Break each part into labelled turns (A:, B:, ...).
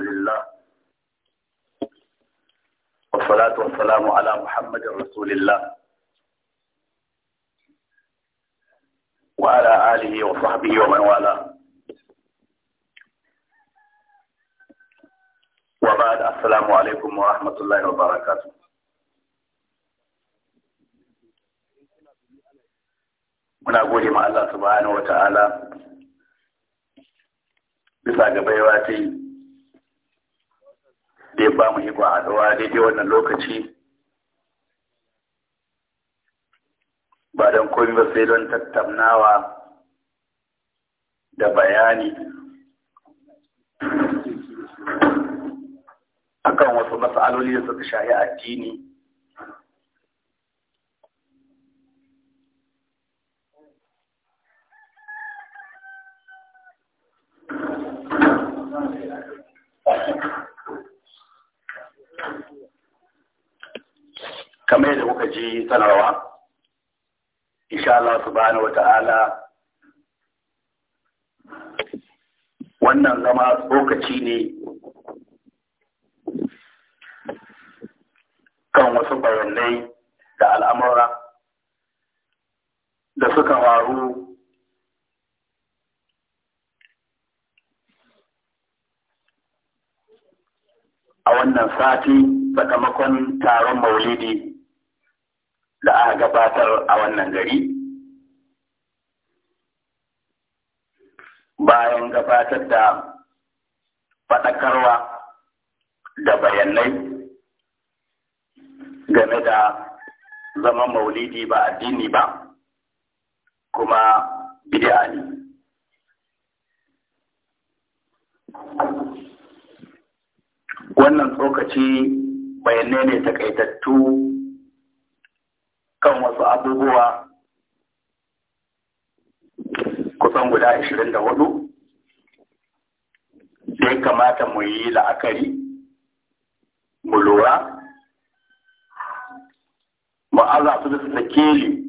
A: لله والصلاة والسلام على محمد رسول الله وعلى آله وصحبه ومن والاه وبعد السلام عليكم ورحمة الله وبركاته من أقول ما الله سبحانه وتعالى ta'ala bisa da ya ba mu iko a dawa daidai wannan lokaci ba don komi ba sai don tattaunawa da bayani akan wasu matsaloli da suka shahi addini Thank you. kamar yadda kuka ji sanarwa insha Allah subhanahu wata'ala wannan zama lokaci ne kan wasu bayanai da al'amura da suka faru a wannan sati sakamakon taron maulidi da aka gabatar a wannan gari bayan gabatar da faɗakarwa da bayanai game da zaman maulidi ba addini ba kuma bid'a ne wannan tsokaci bayanai ne takaitattu kan wasu abubuwa kusan guda ashirin da hudu sai kamata mu yi la'akari mu lura mu aza su da keli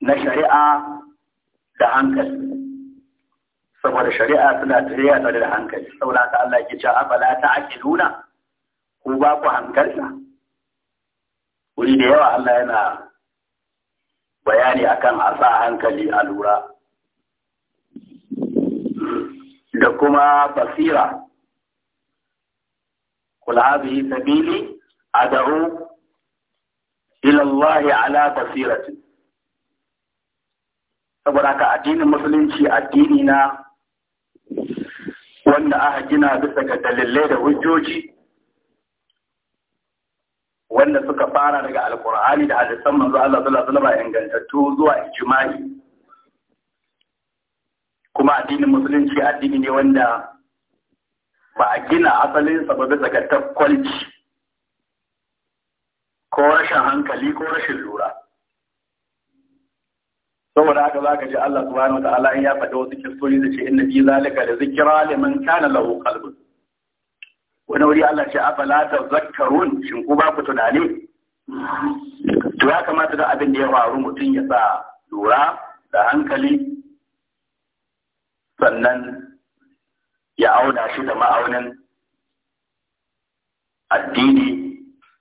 A: na shari'a da hankali saboda shari'a suna tare da hankali saboda ka Allah ke cewa afala nuna, ko ba ku hankalta wuri da yawa Allah yana bayani akan a sa hankali a lura da kuma basira kula hadhihi sabili ad'u ila Allah ala basirati saboda ka addinin musulunci addini na wanda aka gina bisa ga dalilai da hujjoji wanda suka fara daga alkur'ani da hadisan manzo Allah sallallahu alaihi wasallam ingantattu zuwa ijma'i kuma addinin musulunci addini ne wanda ba a gina asalin sa ba bisa ga takwalci ko rashin hankali ko rashin lura saboda haka za ka ji Allah subhanahu wa ta'ala in ya faɗi wasu kistoyi da ce inna fi zalika da zikira liman kana lahu qalbun wani wuri Allah ce afala ta zakkarun shin ku ba ku tunani to ya kamata da abin da ya faru mutum ya sa lura da hankali sannan ya auna shi da ma'aunin addini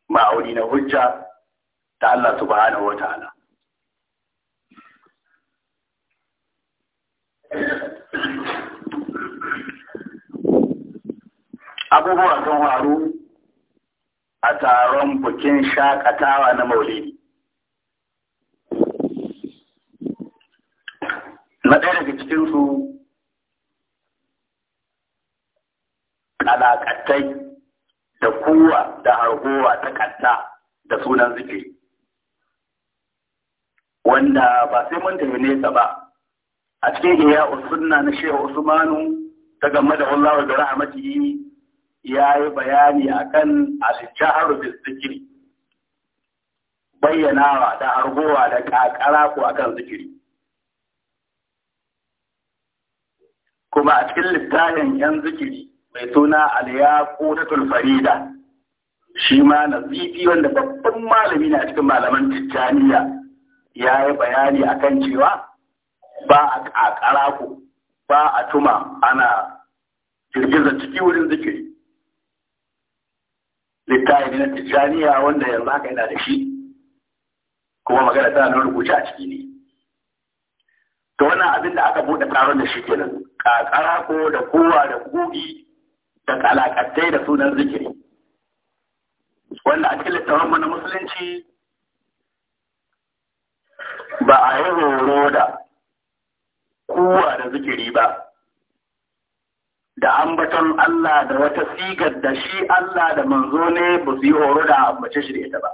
A: ma'auni na hujja ta Allah subhanahu wa ta'ala abubuwa sun faru a taron bukin shakatawa na maulidi na ɗaya daga cikinsu alaƙatai da kuwa da harkowa ta da sunan zikiri wanda ba sai mun tafi nesa ba a cikin iya usunna na shehu usmanu ta game da wallahu da rahmatihi ya yi bayani akan al-jahru bil bayyanawa da argowa da kakara ko akan zikiri kuma a cikin littafin yan zikiri mai suna ko ta tulfarida shi ma nazifi wanda babban malami na cikin malaman tijjaniya ya yi bayani akan cewa ba a ƙaƙara ko ba a tuma ana girgiza ciki wurin zikiri littafi na tijjaniya wanda yanzu haka yana da shi kuma magana tana nan rubuce a ciki ne to wannan abin da aka buɗe taron da shi kenan kakara ko da kowa da kugi da kalakattai da sunan zikiri wanda a littafin mu na musulunci ba a yi horo da kowa da zikiri ba da ambaton Allah da wata sigar da shi Allah da manzo ne ba su yi horo da ambace shi da ita ba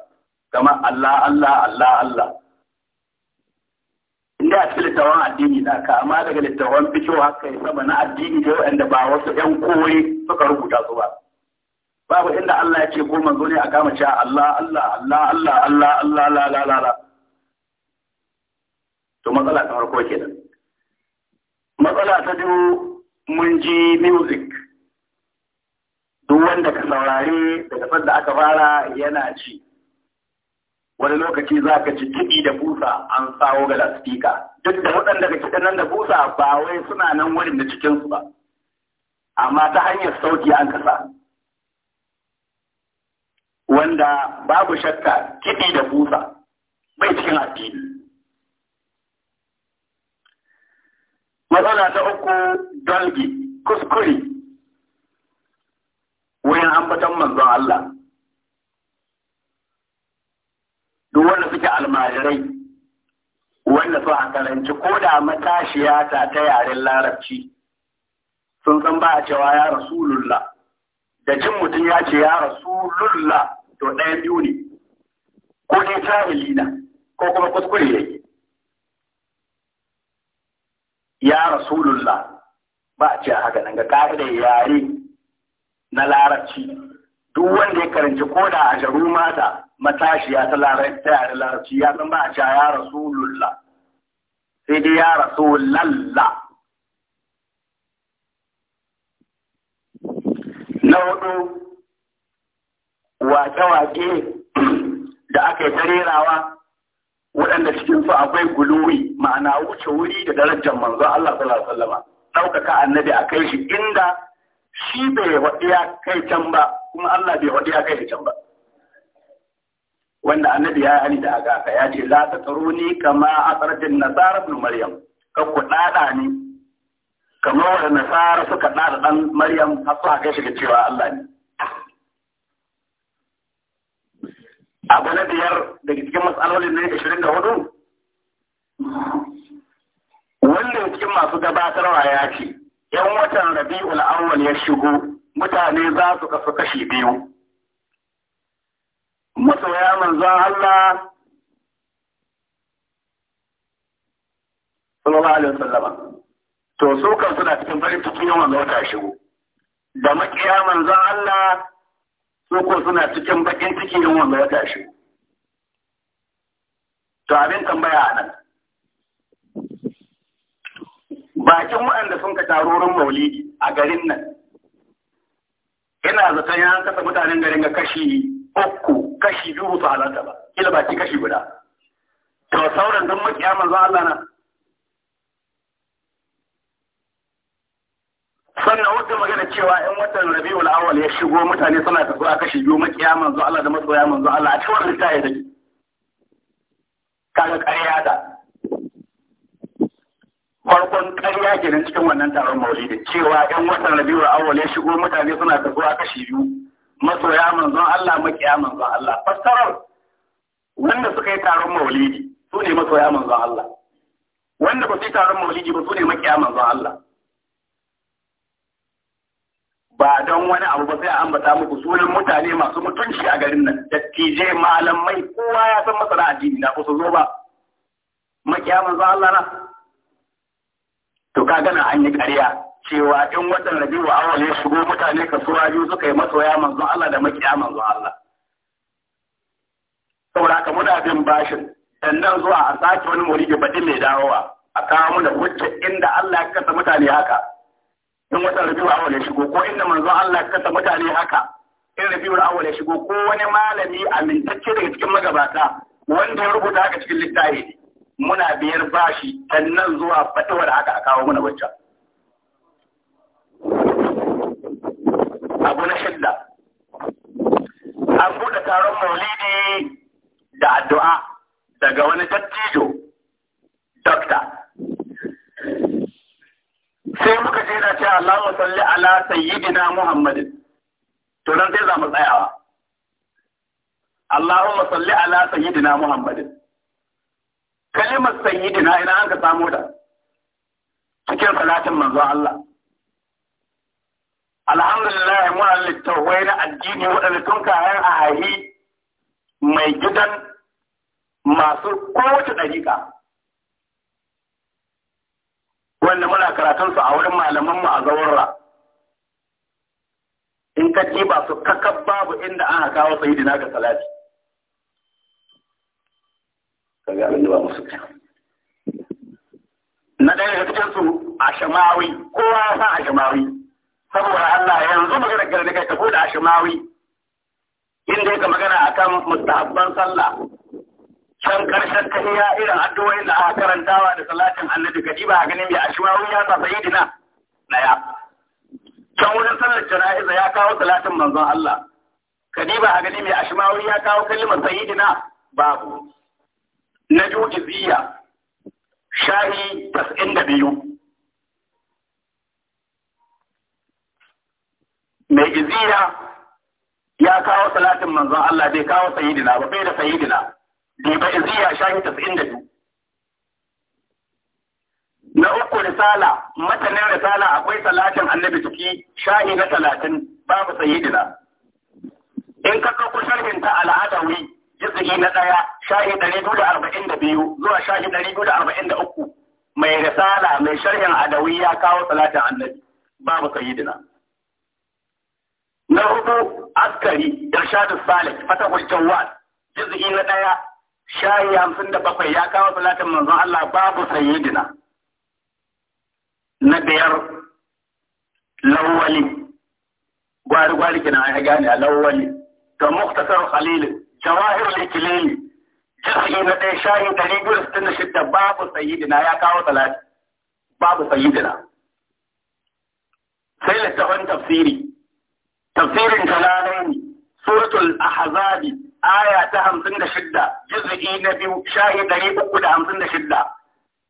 A: kamar Allah Allah Allah Allah inda a cikin littawan addini da ka amma daga littawan fito haka ya saba na addini da waɗanda ba wasu ƴan koyi suka rubuta su ba babu inda Allah ya ce ko manzo ne a kama cewa Allah Allah Allah Allah Allah Allah la la la la to matsala ta farko kenan matsala ta biyu mun ji music duk wanda ka saurari daga da aka fara yana ci wani lokaci za ka ci kiɗi da busa an sawo ga lasfika duk da waɗanda ka kiɗa nan da busa ba wai suna nan wurin da cikinsu ba amma ta hanyar sauki an kasa wanda babu shakka kiɗi da busa bai cikin addini matsala ta uku dalgi kuskure wurin ambatan manzon Allah duk wanda suke almajirai wanda su a karanci ko da matashiya ta ta yaren larabci sun san ba a cewa ya rasulullah da jin mutum ya ce ya rasulullah to ɗaya biyu ne ko dai jahili na ko kuma kuskure yake ya rasulullah ba a ce haka nan ga ka'ida yare na larabci duk wanda ya karanci ko da a jaru mata matashiya ta yare larabci ya san ba a ce ya rasulullah sai dai ya rasulallah na hudu wake-wake da aka yi tarerawa waɗanda cikinsu akwai guluwi ma'ana wuce wuri da darajar manzo Allah sallallahu alaihi ɗaukaka annabi a kai shi inda shi bai waɗi ya kai can ba kuma Allah bai waɗi ya kai shi can ba wanda annabi ya yi da ka ya ce la ta tsaro ni kama a tsarfin nasara maryam ka ku ɗaɗa ni kamar wanda nasara suka ɗaɗa ɗan maryam har a kai shi ga cewa Allah ne abu na biyar daga cikin matsalolin na shirin da hudu wannan cikin masu gabatarwa ya ce yan watan rabi'ul awwal ya shigo mutane za su kasu kashi biyu masoya manzon Allah sallallahu alaihi wasallam to su kan suna cikin farin cikin yawan ta shigo da makiya manzon Allah ko suna cikin bakin ciki yin wanda ya tashi to abin tambaya a nan bakin waɗanda sun ka tarurin maulidi a garin nan ina zaton ya kasa mutanen garin ga kashi uku kashi biyu su halarta ba kila baki kashi guda to sauran don makiya manzo Allah na sannan wata magana cewa in watan rabiul awwal ya shigo mutane suna tafiya kashi biyu makiya manzo Allah da masoya manzo Allah a cikin wannan tayi take kaga ƙarya da farkon ƙarya ke nan cikin wannan taron maulidi cewa in watan rabiul awwal ya shigo mutane suna tafiya kashi biyu masoya manzo Allah makiya manzo Allah fassarar wanda suka yi taron maulidi su ne masoya manzo Allah wanda ba su yi taron maulidi ba su ne makiya manzo Allah ba don wani abu ba sai a ambata muku sunan mutane masu mutunci a garin nan dattijai mai, kowa ya san masana addini na kusa zo ba makiya manzo Allah na to ka gana an yi ƙarya cewa in watan Rabiu awal ya shigo mutane kasuwa biyu suka yi masoya manzo Allah da makiya manzo Allah saboda ka muna bin bashin sannan zuwa a sake wani muridi baɗi mai dawowa a kawo mu da hujja inda Allah ya kasa mutane haka in wata wa awal ya shigo ko inda manzon Allah kasa mutane haka in wa awal ya shigo ko wani malami amintacce daga cikin magabata wanda ya rubuta haka cikin littafi muna biyar bashi nan zuwa fatuwar haka a kawo mana wacce abu na shidda an buɗe taron maulidi da addu'a daga wani dattijo dokta sai muka je na ce wa salli ala sayyidina Muhammadin to nan sai za mu tsayawa wa salli ala sayyidina Muhammadin kalimar sayyidina ina an ka samu da cikin salatin manzon Allah alhamdulillah mu wai na addini waɗanda tun kayan a hahi mai gidan masu kowace ɗariƙa wanda muna karatun su a wurin malaman mu a zaurra in ka ba su kakab babu inda aka kawo sayyidina ga salati kaga abin da ba musu na ɗaya daga cikin su a shamawi kowa ya a shamawi saboda Allah yanzu magana gare da kai ta bude a shamawi inda yake magana akan mustahabban sallah can karshen ta iya irin addu'o'in da aka karantawa da salatin annabi gadi ba a ganin mai ashiwawu ya sa sayidina daya can wurin sallar jana'iza ya kawo salatin manzon Allah gadi ba a gani mai ashiwawu ya kawo kalmar sayidina babu na ju'iziyya shahi tas'in da biyu mai iziya ya kawo salatin manzon Allah bai kawo sayidina ba bai da sayidina Duba iziya shahi da biyu. Na uku risala, matanin risala akwai salatin annabi ciki shahi na talatin babu sayidina. In ka ɗauko sharhin ta al'adawi jizgi na ɗaya shahi ɗari biyu da arba'in da biyu zuwa shahi ɗari biyu da arba'in da uku mai risala mai sharhin adawi ya kawo salatin annabi babu sayidina. Na hudu askari Irshadu Salih Fatahul Jawad jizgi na ɗaya shayi hamsin da bakwai ya kawo salatin manzon Allah babu sayyidina na biyar lawali gwari gwari kina ya gane a lawali ga muktasar khalil jawahir likilili jisi na ɗaya shayi ɗari biyu da sittin da shidda babu sayyidina ya kawo salati babu sayyidina sai littafin tafsiri tafsirin jalalaini suratul ahzabi aya ta hamsin da shidda juz'i na biyu shahi ɗari uku da hamsin da shidda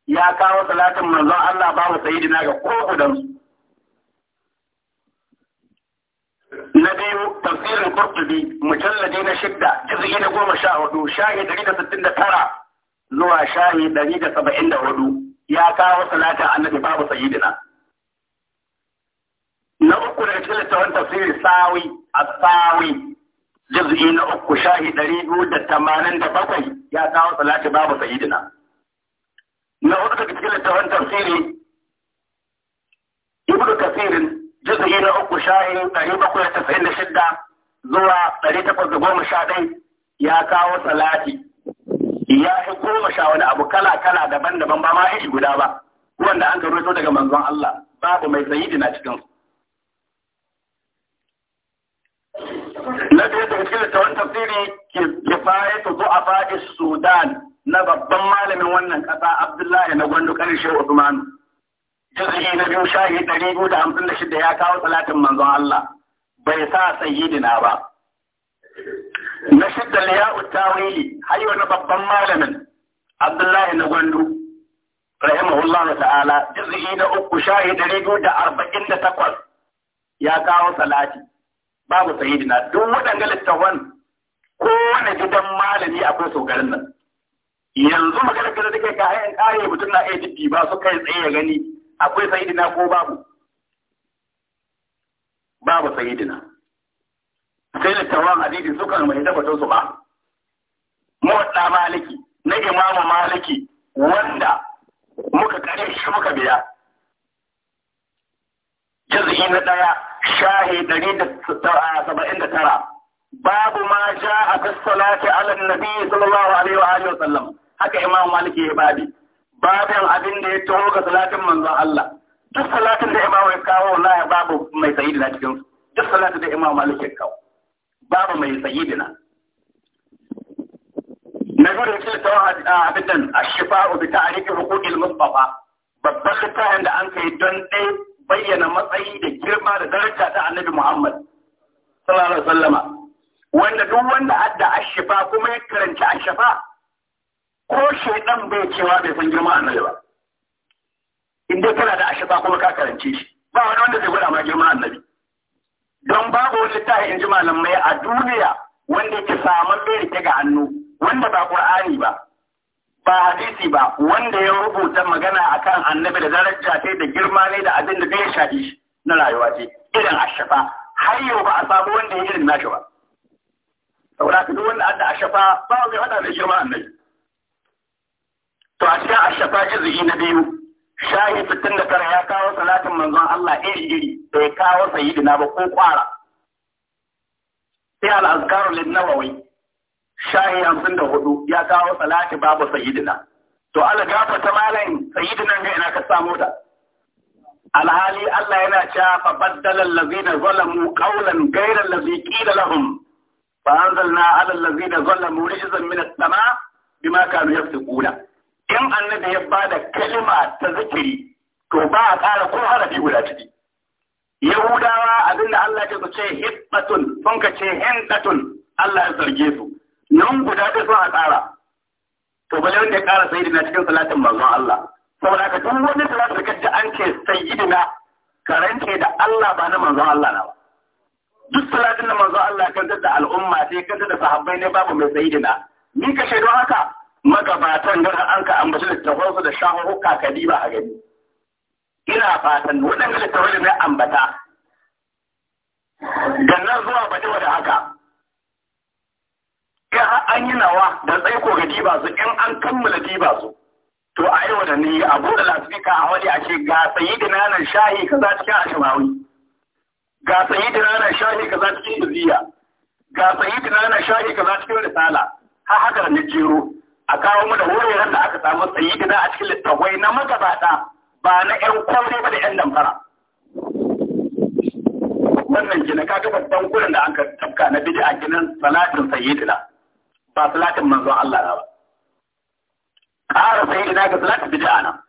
A: ya kawo salatin manzon Allah ba mu sayidina ga ko Na biyu tafsirin Qurtubi mujalladi na shidda juz'i na goma sha hudu shahi ɗari da sittin da tara zuwa shahi ɗari da saba'in da hudu ya kawo salatin annabi babu sayidina. Na uku da cikin littafin tafsirin sawi a sawi juz'i na uku shahi ɗari biyu da tamanin da bakwai ya kawo salati babu sayidina. Na hudu daga cikin littafin tafsiri Ibn Kasirin juz'i na uku shahi ɗari bakwai da tasa'in da shidda zuwa ɗari takwas da goma sha ɗai ya kawo salati. Ya fi goma sha wani abu kala kala daban-daban ba ma iri guda ba. Wanda an karo daga manzon Allah babu mai sayidina cikinsu. na biyu da cikin littattafan tafsiri ke fara ta zuwa faɗi sudan na babban malamin wannan ƙasa abdullahi na gwandu ƙarshe usman juz'i na biyu shahi ɗari biyu da hamsin da shida ya kawo salatin manzon allah bai sa sayyidina ba na shidda liya tawili hayo na babban malamin abdullahi na gwandu rahimahullah ta'ala juz'i na uku shahi ɗari biyu da arba'in da takwas ya kawo salatin. babu sayidina don waɗanda littafan kowane gidan malami akwai garin nan yanzu magana gida da kai kayan kare mutum na iya jiddi ba su kai tsaye ya gani akwai sayidina ko babu babu sayidina sai littafan hadisi sukan mai tabbatar su ba mawadda maliki na imamu maliki wanda muka kare shi muka biya juz'i na ɗaya shahi dari da saba'in da tara babu ma ja a salati ala nabi sallallahu alaihi wa alihi wa sallam haka imam maliki ya babi babin abin da ya taho ga salatin manzon Allah duk salatin da imam ya kawo wallahi babu mai sayyidina cikin su duk salatin da imam maliki ya kawo babu mai sayyidina na gurin ce ta abin nan ashifa'u bi ta'rifi huquqil mustafa babban littafin da an kai don ɗaya bayyana matsayi da girma da daraja ta annabi Muhammad sallallahu alaihi wasallama wanda duk wanda adda ashifa kuma ya karanci ashifa ko shaidan bai cewa bai san girma annabi ba in dai kana da ashifa kuma ka karance shi ba wani wanda zai gwada ma girma annabi don babu wani tahi in ji malamai a duniya wanda ke samu bai rike ga hannu wanda ba qur'ani ba ba hadisi ba wanda ya rubuta magana akan annabi da daraja ta da girma ne da abin da zai shaɗi na rayuwa ce irin ashafa har yau ba a samu wanda ya irin nashi ba saboda ka duk wanda adda ashafa ba mai hada da girma annabi to a cikin ashafa juz'i na biyu shahi sittin da tara ya kawo salatin manzon Allah iri iri bai kawo sayyidina ba ko kwara sai al-azkaru lin-nawawi shahi hamsin da hudu ya kawo salati babu sayyidina. to Allah gafa ta malam sayyidina ga ina ka samu ta alhali Allah yana cewa fa baddala allazina zalamu qawlan ghayra allazi qila lahum fa anzalna ala allazina zalamu rijzan min as-sama bima kanu yafsiquna in annabi ya bada kalima ta zikiri to ba a ƙara ko harafi guda ciki yahudawa abinda Allah ya ce hibbatun sun ka ce hindatun Allah ya zarge su nan guda ta so a tsara to bale wanda ya ƙara sayyidina cikin salatin manzon Allah saboda ka tun wani salatin da kaji an ce sayyidina karance da Allah ba na manzon Allah na ba duk salatin da manzon Allah kan da al'umma sai kan da sahabbai ne babu mai sayyidina ni ka shaidu haka magabatan da an ka ambaci littafansu da shahuhuka kadiba a gani ina fatan waɗanda littafai da mai ambata gannan zuwa ba da haka in an yi nawa da tsaiko ga diba su in an kammala diba su to a yi wadanne a buɗe lasifika a wani a ce ga tsayi da nanar shahi za cikin ashimawi ga tsayi da nanar shahi za cikin iziya ga tsayi da nanar shahi za cikin risala ha haka da jero a kawo mana wuraren da aka samu tsayi da a cikin littafai na magabata ba na 'yan kwaure ba da 'yan damfara wannan gina kaga babban gurin da ka tafka na a ginin salatin sayyidina ba salatin manzon Allah na ba ƙara sai ina ga salatin bid'a na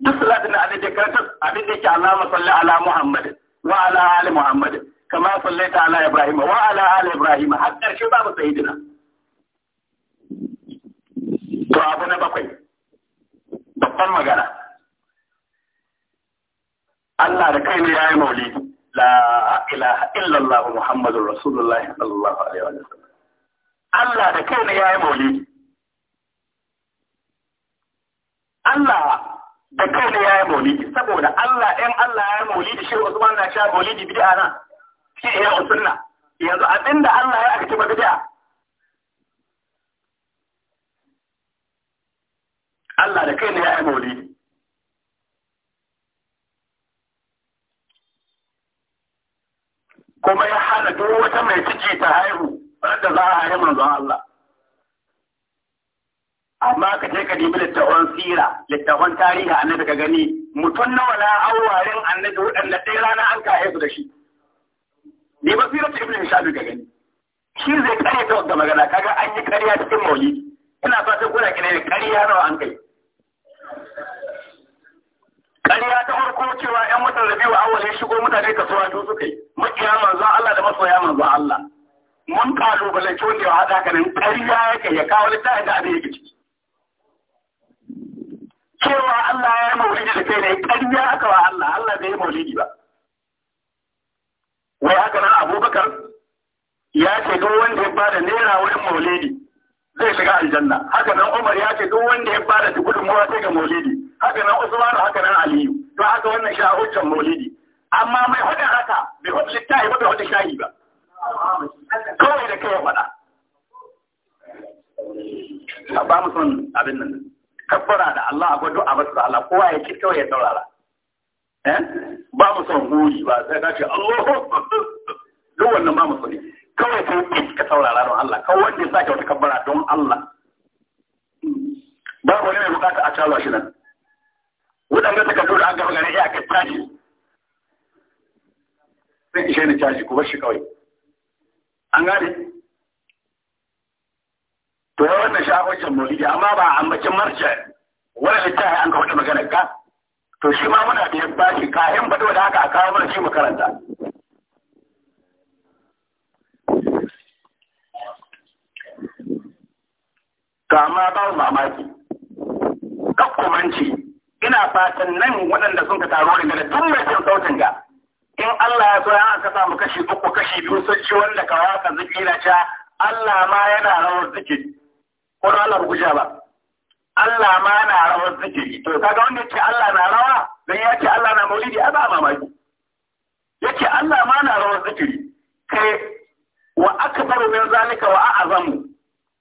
A: duk salatin da abin da karanta abin da yake Allah masalli ala Muhammad wa ala ali Muhammad kama sallaita ala Ibrahim wa ala ali Ibrahim har karshe babu sayyidina to abu na bakwai babban magana Allah da kai ne ya yi maulidi la ilaha illallah Muhammadur Rasulullah sallallahu alaihi wa sallam Allah da kai ne ya yi mauli, Allah da kai ne ya yi mauli, saboda Allah ɗan Allah ya yi da shi Usman na sha da bid'a nan shi ne ya sunna yanzu da Allah ya akci bid'a Allah da kai ne ya yi mauli. kuma ya hana duk wata mai ciki ta haihu haka za a yi manzon Allah amma ka je ka nemi littafin sira littafin tarihi annabi ka gani mutum nawa na awarin annabi waɗanda ɗaya rana an kaye su da shi ne ba sira ta ibnu hishabi ka gani shi zai kare ta wanda magana kaga an yi kariya cikin mauli. ina fatan kuna kira kariya nawa an kai Kariya ta farko cewa ‘yan mutan rabi'u awwal shigo mutane kasuwa su suka yi makiya manzon Allah da masoya manzon Allah mun kalubalanci wanda ya haɗa ka nan ƙarya yake ya kawo ta da abin yake ciki cewa Allah ya maulidi da kai ne ƙarya aka wa Allah Allah bai maulidi ba wai haka nan Abubakar ya ce duk wanda ya bada naira wurin maulidi zai shiga aljanna haka nan Umar ya ce duk wanda ya bada mu sai ga maulidi haka nan Usman haka nan Aliyu to haka wannan shi a maulidi amma mai hudun haka bai hudu littafi ba bai hudu shahi ba kawai da kai faɗa a ba mu son abin nan kabbara da Allah a gwado a basu Allah kowa ya ci kawai ya saurara eh? ba mu son huri ba sai ka ce Allah duk wannan ba mu son kawai ka yi ka saurara don Allah kawai wanda ya sake wata kabbara don Allah ba ku ne mai bukata a calwa shi nan waɗanda suka tura an gaba gare ya ka caji zai ishe ni caji ku bar shi kawai an gane to ya wannan shafacin maulidi amma ba a bakin marce wani littafi an ka wata magana ka to shi ma muna da yabba shi kayan bado da haka a kawo mana shi makaranta to amma ba mamaki kakkumanci ina fatan nan waɗanda sun ka taro daga tun mai sautin ga in Allah ya so ya aka samu kashi uku kashi biyu sun ci wanda ka waka zikiri na ca Allah ma yana rawar zikiri ko Allah guja ba Allah ma na rawar zikiri to kaga wanda yake Allah na rawa dan ya ce Allah na maulidi a ba mamaki yake Allah ma na rawar zikiri kai wa akbaru min zalika wa a'zamu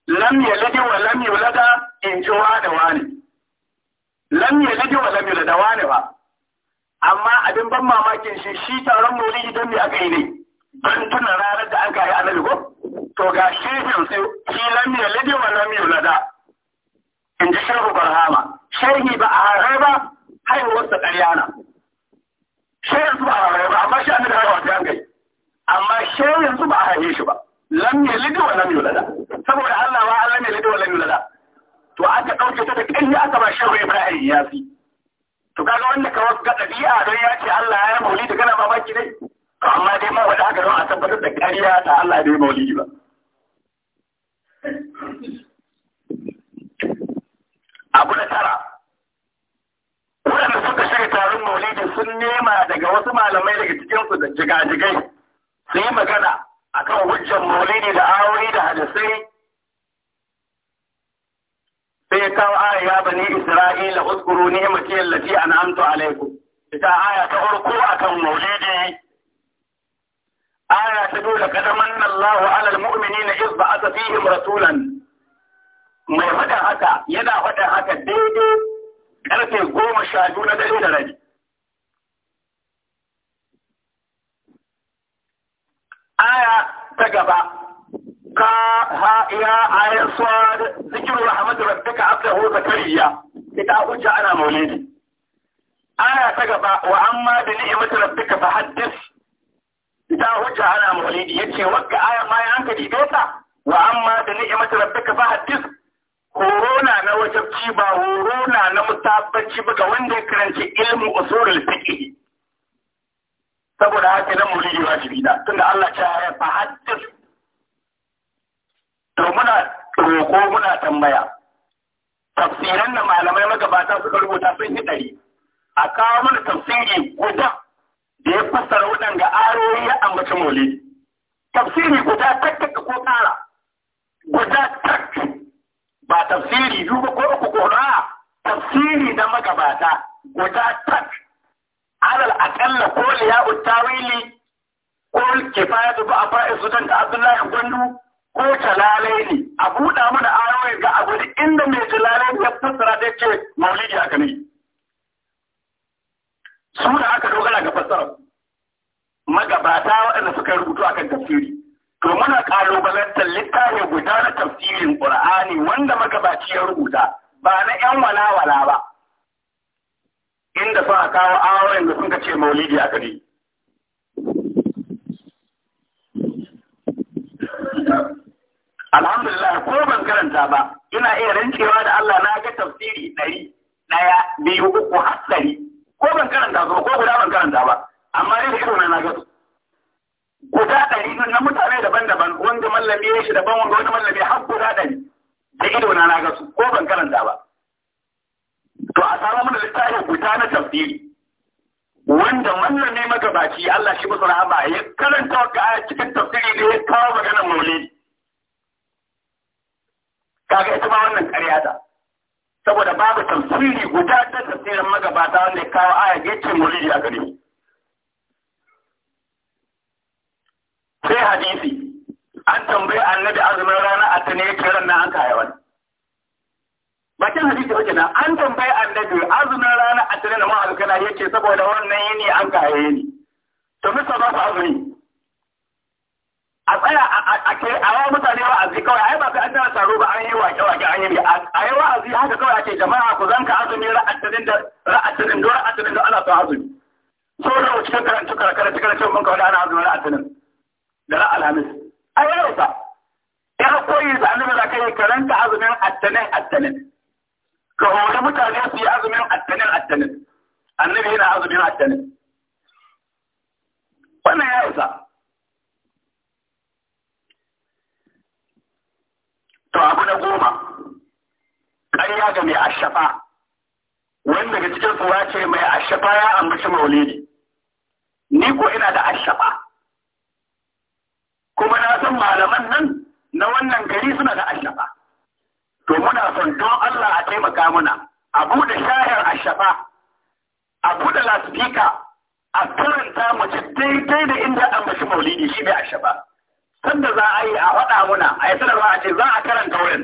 A: lam yalid wa lam yulada in ji wa da wani lam yalid wa lam yulada wani ba amma abin ban mamakin shi shi taron mori gidan mai aka yi ne don tuna ranar da an yi a ko to ga shehin sai shi lam yalid wa lam yulada in ji shehu barhama shehi ba a harai ba haihuwarsa ƙaryana shehin su ba a harai ba amma shi annabi haihuwa ta yankai amma shehin su ba a harai shi ba lam yalid wa lam yulada saboda Allah ba Allah yalid wa lam yulada to aka ɗauke ta da ƙanyi aka ba shehu Ibrahim Yasi to kaga wanda ka wasu ɗabi'a don ya ce Allah ya maulidi kana mamaki dai to amma dai ma wanda haka a tabbatar da kariya ta Allah bai maulidi ba abu na tara waɗanda suka shiga taron maulidi sun nema daga wasu malamai daga cikinsu da jigajigai su yi magana akan hujjar maulidi da aure da hadisai sai ya kawo aya ya bani isra'ila uzkuru ni'mati allati an'amtu alaiku. ita aya ta farko akan maulidi aya ta dole kada manna Allahu ala almu'minina iz ba'atha fihim rasulan mai faɗa haka yana faɗa haka daidai karfe goma sha biyu na dare da rabi aya ta gaba ka ha iya ayar suwa zikirun rahamatu rabbi ka aka hu zakariya ita hujja ana maulidi ana ta gaba wa amma bi ni'mati rabbika fa haddith ita hujja ana maulidi yace wakka aya ma ya hankali dosa wa amma bi ni'mati rabbika fa haddith horona na wajabci ba horona na mutabbaci ba ga wanda ya karanci ilmu usulul fiqh saboda haka nan maulidi wajibi da tunda Allah ya ce to muna roko muna tambaya tafsiran da malamai magabata suka rubuta sun yi ɗari a kawo mana tafsiri guda da ya fassara waɗanda ayoyi ya ambaci mole? tafsiri guda tattaka ko ƙara guda tak ba tafsiri biyu ko uku ko a tafsiri na magabata guda tak alal akalla ko liya tawili ko kifaya da ba a fa'i sudan da abdullahi gwandu ko talalai ne a buɗa mana arawai ga abu da inda mai talalai ya fassara ta ce maulidi aka ne su da aka dogara ga fassara magabata waɗanda suka rubutu akan tafsiri to muna kalubalantar littafin guda na tafsirin ƙur'ani wanda magabaci ya rubuta ba na wala walawala ba inda suka kawo arawai da suka ce maulidi aka ne Thank you. alhamdulillah ko ban karanta ba ina iya rancewa da Allah na ga tafsiri ɗari ɗaya biyu uku har ɗari ko ban karanta ba ko guda ban karanta ba amma dai da irin na ga su guda ɗari na mutane daban-daban wanda mallami ya shi daban wanda wani mallami har guda ɗari da ido na na ga su ko ban karanta ba to a samu mana littafin guda na tafsiri wanda mallami magabaci Allah shi musu rahama ya karanta wa cikin tafsiri da ya kawo maganar maulidi kaga ita ma wannan ƙarya ta saboda babu tafsiri guda ta tafsirin magabata wanda ya kawo aya ce muridi a gare sai hadisi an tambayi annabi azumin rana a ta ne ya ce ranar an kaya wani bakin hadisi wake na an tambayi annabi azumin rana a ta ne na ma'azukana ya ce saboda wannan yini an kaya yini to misa ba su azumi a tsaya a ke a wa mutane wa'azi kawai A yi ba ka an tara taro ba an yi wake wake an yi a yi wa'azi haka kawai ake jama'a ku zanka azumi ra'atanin da ra'atanin da da ana son azumi so da wuce kan karanta cikin cikin mun kawai ana azumi ra'atanin da ra'al hamis ai yau sa ya koyi da annabi za ka yi karanta azumin attanin attanin ka hori mutane su yi azumin attanin attanin annabi yana azumin attanin wannan ya isa to abu na goma ƙarya ga mai ashafa Wanda ga cikin tsura ce mai ashafa ya ambaci maulidi ni ko ina da ashafa kuma na san malaman nan na wannan gari suna da ashafa to muna son don Allah a taimaka muna a buɗe shayar ashafa a buɗe lasfika a karanta mace daidai da inda ambaci maulidi shi mai ashafa sanda za a yi a faɗa muna a yi sanarwa a ce za a karanta wurin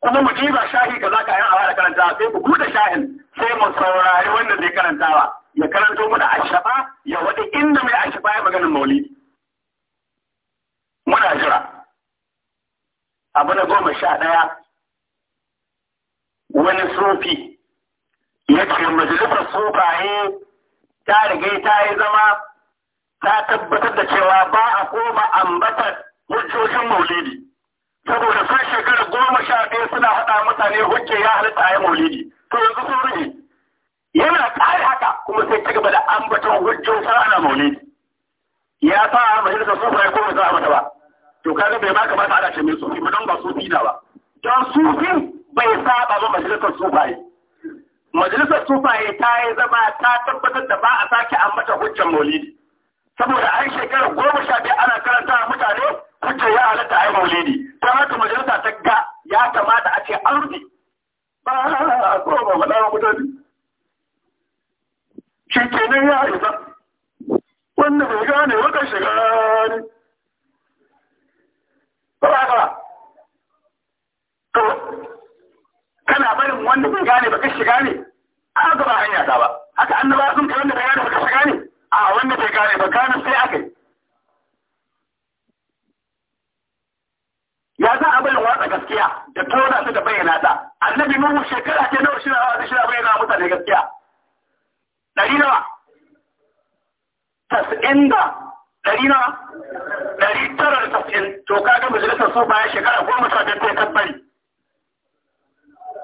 A: kuma mu ba shahi ka za ka yi a da karanta sai ku buɗe shahin sai mu saurari wanda zai karantawa ya karanto muna ashaba ya waɗi inda mai ashaba ya maganin maulidi muna jira abu na goma sha ɗaya wani sufi ya ce majalisar sufaye ta riga ta yi zama ta tabbatar da cewa ba a koma ambatar hujjoshin maulidi saboda sun shekara goma sha ɗaya suna haɗa mutane hujje ya halitta a maulidi to yanzu sun rufe yana ƙare haka kuma sai ta gaba da hujjo hujjoshin ana maulidi ya sa a majalisar sufaye ko ba za a mata ba to kaga bai ma kamata ana ce mai sufi ba don ba sufi na ba don sufi bai saba ba majalisar sufaye majalisar sufaye ta yi zama ta tabbatar da ba a sake ambatar hujjan maulidi saboda an shekara goma sha biyar ana karanta mutane kuke ya halatta a yi maulidi ta haka majalisa ta ga ya kamata a ce an rufe ba a goma ba ɗawa mutane shi kenan ya isa wanda bai gane wata shiga ne ba ba to kana barin wanda bai gane ba ka shiga ne a gaba hanya ta ba haka annaba sun kai wanda bai gane ba ka shiga ne a wanda bai kare ba gane sai aka yi ya za a bayyana watsa gaskiya da tona su da bayyana ta annabi nuhu shekara ke nawa shira wa shira bayyana mutane gaskiya dari nawa tas'in da dari nawa dari tara da tas'in to ka kaga majalisar su bayan shekara goma sha biyar ta tabbari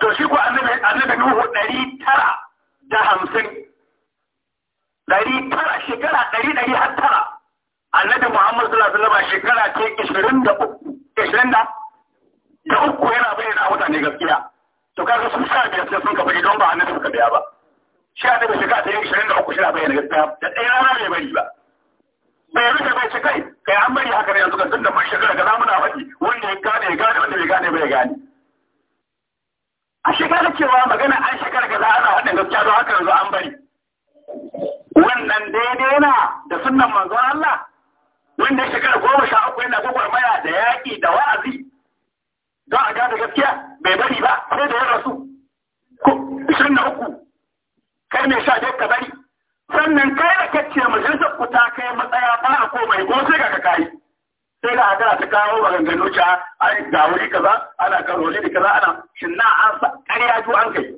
A: to shi ko annabi annabi nuhu dari tara da hamsin ɗari tara shekara ɗari ɗari har tara annabi muhammad sallallahu alaihi wasallam shekara ce ishirin da uku ishirin da da uku yana bayyana mutane gaskiya to kaga sun sa biyar sai sun kafa idan ba annabi suka biya ba shi annabi shekara ta ishirin da uku shi na bayyana gaskiya da ɗaya rana bai bari ba bai rufe bai ce kai kai an bari haka ne yanzu kan tunda mun shekara ga na faɗi wanda ya gane ya gane wanda bai gane bai gane a shekara cewa magana an shekara za ana haɗin gaskiya don haka yanzu an bari wannan daidai yana da sunan manzon Allah wanda ya shekara goma sha uku yana gwagwarmaya da yaƙi da wa'azi don a gane gaskiya bai bari ba sai da ya rasu ishirin na uku kai mai sha biyar ka bari sannan kai da kacce majalisar ku ta kai matsaya ba a komai ko sai ka kai sai da haka ta kawo maganganu ca ai ga wuri kaza ana kan wuri kaza ana shin na an ƙarya ju an kai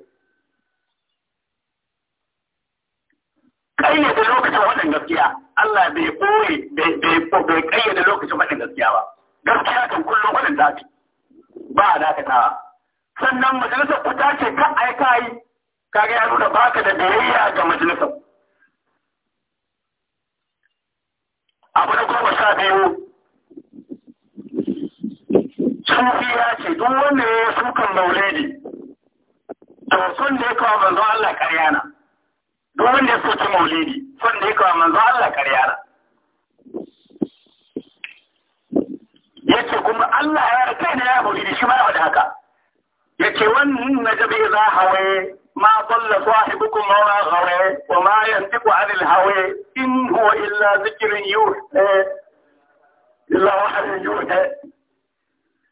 A: kayyade lokacin wannan gaskiya Allah bai ɓoye bai kayyade lokacin wannan gaskiya ba gaskiya kan kullum faɗin zafi ba a dakatawa sannan majalisar ku ta ce kan ai ka yi kaga ya nuna baka da biyayya ga majalisar abu na goma sha biyu sufiya ce duk wanda ya sukan maulidi to sun da ya kawo manzo Allah karyana duk wanda ya soki maulidi son da ya manzo Allah ƙarya na yace kuma Allah ya rike ne ya maulidi shi ma ya faɗi haka yace wannan najabi za hawaye ما ضل صاحبكم وما غوى وما ينطق عن الهوى إن هو إلا ذكر يوحى إلا واحد يوحى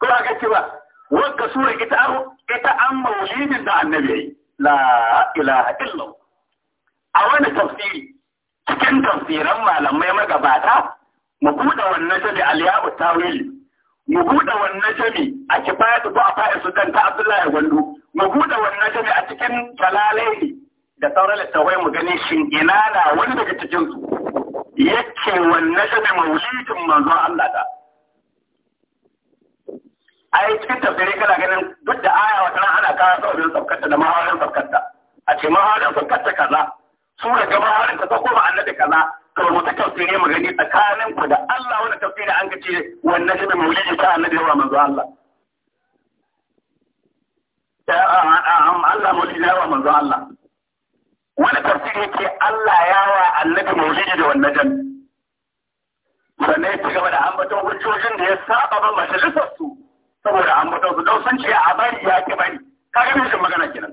A: كما قلت بقى وقت سورة إتأم مولين النبي لا إله إلا الله a wani tafsiri cikin tafsiran malamai magabata mu buɗe wannan jami Aliyahu tawili mu buɗe wannan jami a kifayatu ko a fa'i dan ta abdullahi gwandu mu buɗe wannan jami a cikin talalai da sauran littawai mu gani shin ina na wani daga cikin su yake wannan jami maulidin manzo Allah da yi cikin tafsirin kana ganin duk da aya wata ana kawo sauran sabkata da mahawarin sabkata a ce mahawarin sabkata kaza sura gaba har ta sako ma annabi kaza ka rubuta tafsiri magani tsakanin ku da Allah wani tafsiri an gace wannan shi da maulidi ta annabi wa manzo Allah Allah maulidi wa manzo Allah wani tafsiri ke Allah ya wa annabi maulidi da wannan dan? sannan ya gaba da ambaton hujjojin da ya saba ban majalisar su saboda ambaton su don sun ce a bari ya ki bari kaga mishin magana kenan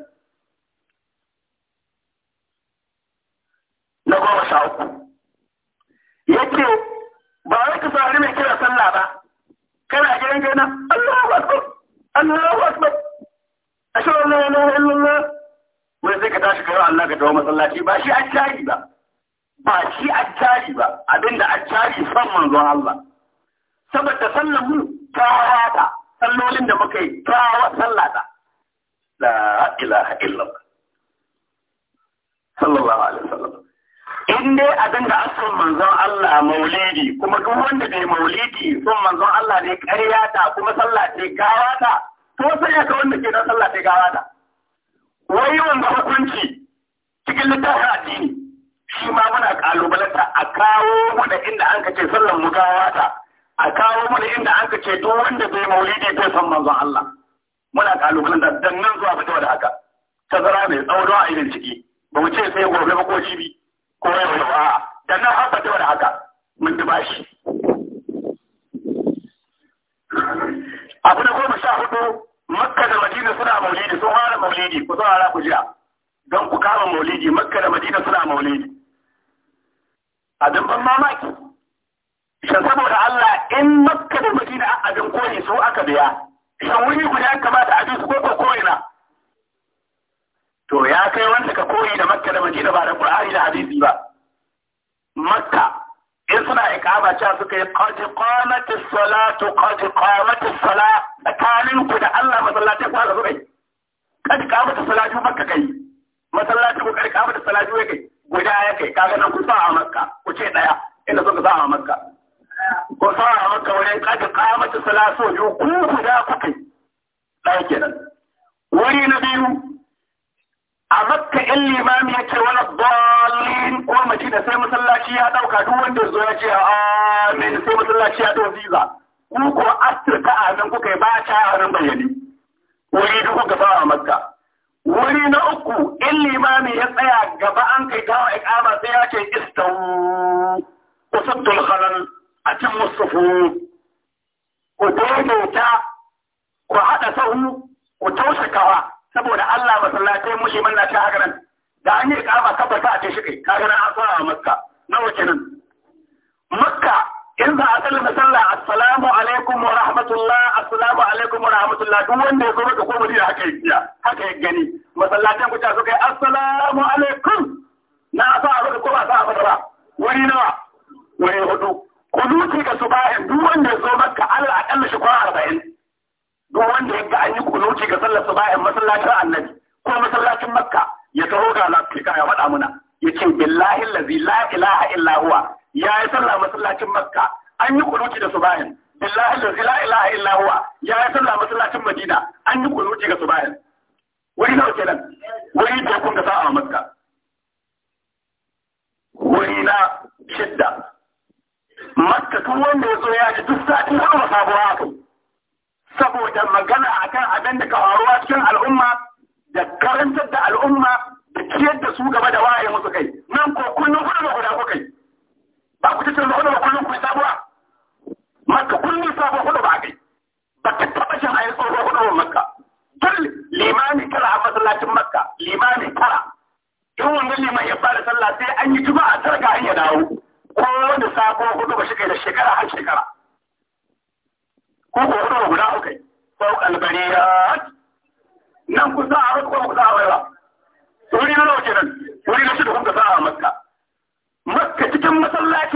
A: na goma sha uku yake ba wai ka saurari mai kira sallah ba kana gidan gina Allahu akbar Allahu akbar ashhadu an la ilaha illallah wai sai ka tashi kai Allah ka dawo masallaci ba shi ajjari ba ba shi ajjari ba abinda ajjari san manzon Allah saboda sallar mu ta wata sallolin da muka yi ta sallata la ilaha illallah sallallahu alaihi wasallam in dai abin da asun manzon Allah maulidi kuma duk wanda bai maulidi sun manzon Allah ne ƙarya ta kuma sallah ce gawa ta to sai ya ka wanda ke nan sallah ce gawa ta wai wanda hukunci cikin littafin addini shi ma muna kalubalanta a kawo mu da inda an kace sallan mu gawa ta a kawo mu da inda an kace duk wanda bai maulidi bai san manzon Allah muna kalubalanta dan nan zuwa fitowa da haka tazara mai tsawo a irin ciki ba mu ce sai gobe ba ko cibi ko ya wani ba da nan haka da wani haka mun duba shi abu na goma sha hudu makka da madina suna maulidi sun fara maulidi ku saurara ku jiya don ku kama maulidi makka da madina suna maulidi abin ban mamaki shan saboda Allah in makka da madina abin koyi su aka biya shan wuri guda kamata a su ko ko ko'ina to ya kai wanda ka koyi da makka da madina ba da qur'ani da hadisi ba makka in suna ikama cewa suka yi qad qamat as-salatu qad qamat as-salat tsakanin ku da Allah masallatai ku haka suka yi qad qamat as-salatu makka kai masallatai ku qad qamat as-salatu kai guda ya kai kaga nan ku sa a makka ku ce daya inda suka sa a makka ku sa a makka wurin qad qamat as-salatu ku guda ku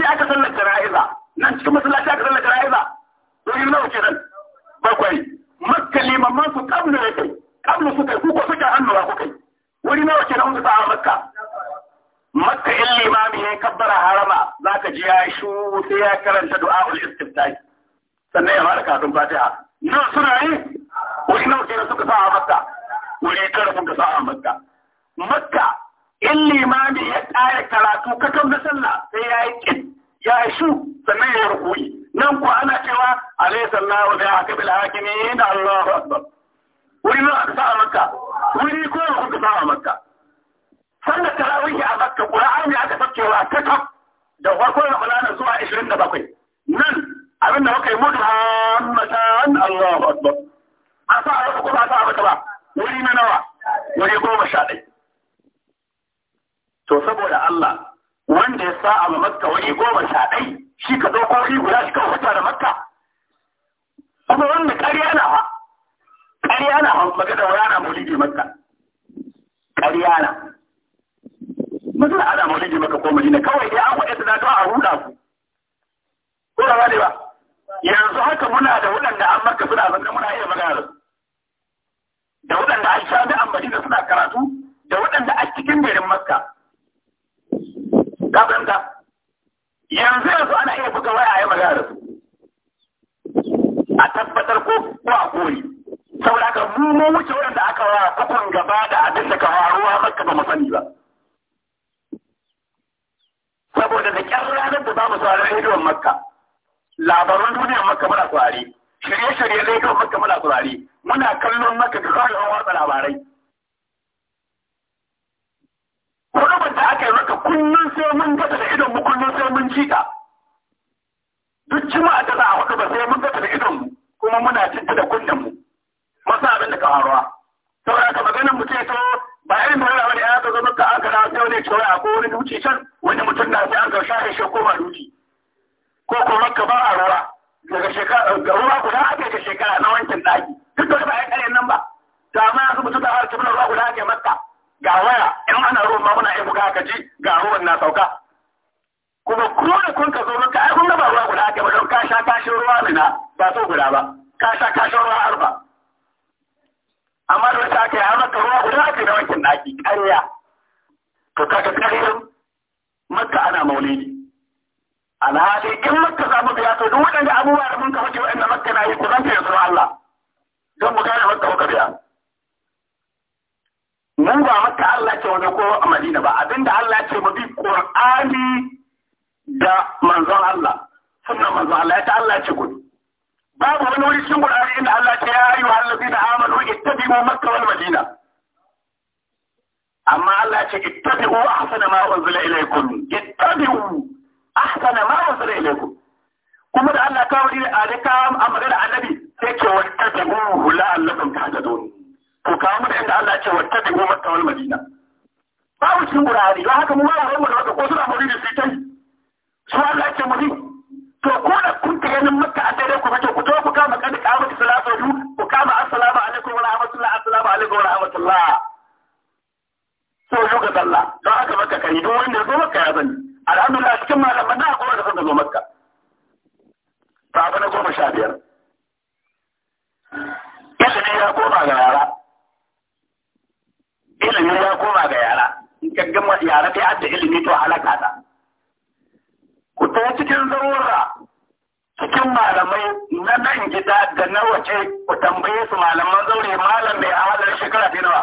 A: masallaci aka sallar jana'iza nan cikin masallaci aka sallar jana'iza wani nawa kenan bakwai makka limaman su kablu ya kai kablu su kai ku ko suka hannuwa ku kai wuri nawa kenan ku sa makka makka in limami ya kabbara harama zaka ji ya shu sai ya karanta du'a ul istiftahi sannan ya fara kafin fatiha nan suna yi da duk da ba ya kare nan ba to amma yanzu mutum da harki muna ruwa guda ake maka ga waya in ana ruwan ma muna iya buga ka ji ga ruwan na sauka kuma ko da kun ka zo maka ai kun ga ba ruwa guda ake ba don ka sha kashin ruwa ne ba so guda ba ka sha kashin ruwa arba amma da wata ake har maka ruwa guda ake da wankin daki ƙarya to ta ƙaryar maka ana maulidi alhali in maka za mu biya to duk waɗanda abubuwa da mun ka wuce waɗanda maka na yi ku zanta yanzu Allah don mu gane wanda muka biya Mun ba maka Allah ce wani ko a Madina ba abinda Allah ce mu bi Qur'ani da manzon Allah suna manzon Allah ya ta Allah ce gudu babu wani wuri cikin Qur'ani inda Allah ce ya yi ayyuha da amanu ittabi'u makka wani madina amma Allah ce ittabi'u ahsana ma unzila ilaykum ittabi'u ahsana ma zula ilaikun. kuma da Allah ka ne a da ka magana annabi yake wata da mu hula allakan ta da doni to kawo mu da inda Allah ce wata da mu makka wal madina babu cikin qur'ani don haka mu ba mu da wata ko suna mu da sai tai su Allah ce mu to ko da kun ta ganin makka a dare ku fito ku to ku kama kada ka mata salatu ku kama assalamu alaikum wa rahmatullahi assalamu alaikum wa rahmatullahi so yau ga sallah don haka makka kai duk wanda ya zo makka ya sani alhamdulillah cikin malaman da akwai wanda suka zo makka ta abu na goma sha biyar Ilimin ya koma ga yara. Ilimin ya koma ga yara. In ka wasu yara ta yadda ilimi to halaka ta. Ku ta cikin zaura cikin malamai na nan gida da na wace ku tambaye su malaman zaure malam mai ahalar shekara ta nawa.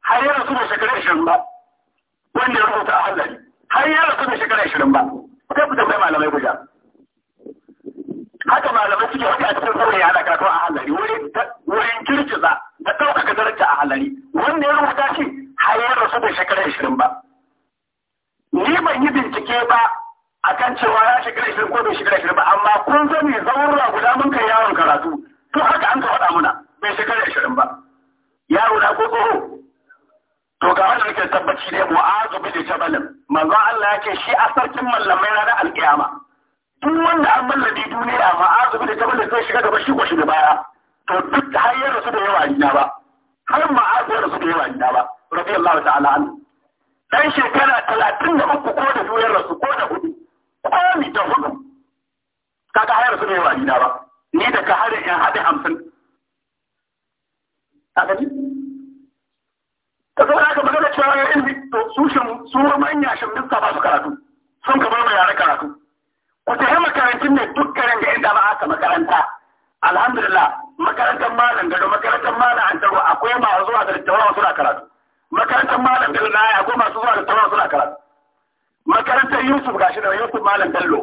A: Har yana su da shekara ashirin ba. Wanda ya rubuta ahalari. Har yana su da shekara ashirin ba. Ku ta ku tambaye malamai guda. haka malamai suke wata a cikin sauran ya kato a halari wurin kirkiza da ɗaukaka daraja a halari wanda ya rubuta shi har ya rasu da shekara ishirin ba ni ban yi bincike ba akan cewa ya shekara ishirin ko bai shekara ishirin ba amma kun zani zaurura guda mun kai yawon karatu to haka an ka faɗa muna bai shekara ishirin ba yaro na ko tsoro to ga wanda muke tabbaci ne mu'azu bi jabalin manzo Allah yake shi a sarkin mallamai ranar alƙiyama duk wanda an mallaki duniya ma'azu bi da ta zai shiga gaba shi ko shiga baya to duk har ya rasu da yawa ina ba har ma'azu ya rasu da yawa ina ba ta ta'ala anhu dan shekara talatin da uku ko da duniyar rasu ko da hudu ko mi ta hudu kaga har rasu da yawa ina ba ni da ka hada in hada hamsin A ka zo ka magana cewa yin su shin su manya shin duka ba su karatu sun kamar mai yare karatu wata yi makarantun ne dukkanin da inda ba aka makaranta alhamdulillah makarantar malam gado makarantar malam an taro akwai masu zuwa da littawa suna karatu makarantar malam gado na ya akwai masu zuwa da littawa suna karatu makarantar yusuf gashi da yusuf malam bello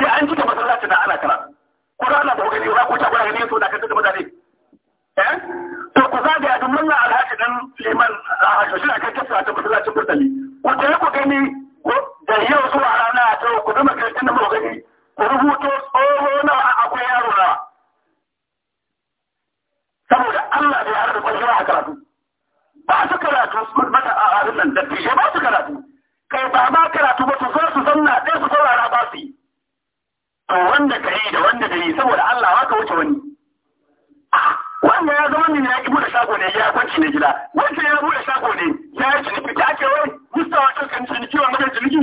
A: sai an cika masallaci na ana karatu ko da ana ba ku gani ko ta kuna ganin to da kan da mutane eh? to ku zaga ya dun wannan alhaji dan liman a shi aka kasa ta masallacin burtali ku ta ku gani ko da yau zuwa rana a tsawo ku zama kirkin da gani ku rubuto tsoro na akwai yaro na saboda Allah da yaro da ba a karatu ba su karatu su mata a abin nan da fiye ba su karatu kai ba ma karatu ba su zo su zanna ɗaya su saurara ba su yi to wanda ka yi da wanda da yi saboda Allah ka wuce wani a'a ah! wannan ya zama min ya ki bude shago ne ya kwanci ne gida wancan ya bude shago ne ya yi ciniki ta ke wai musta wata kan ciniki wa mata ciniki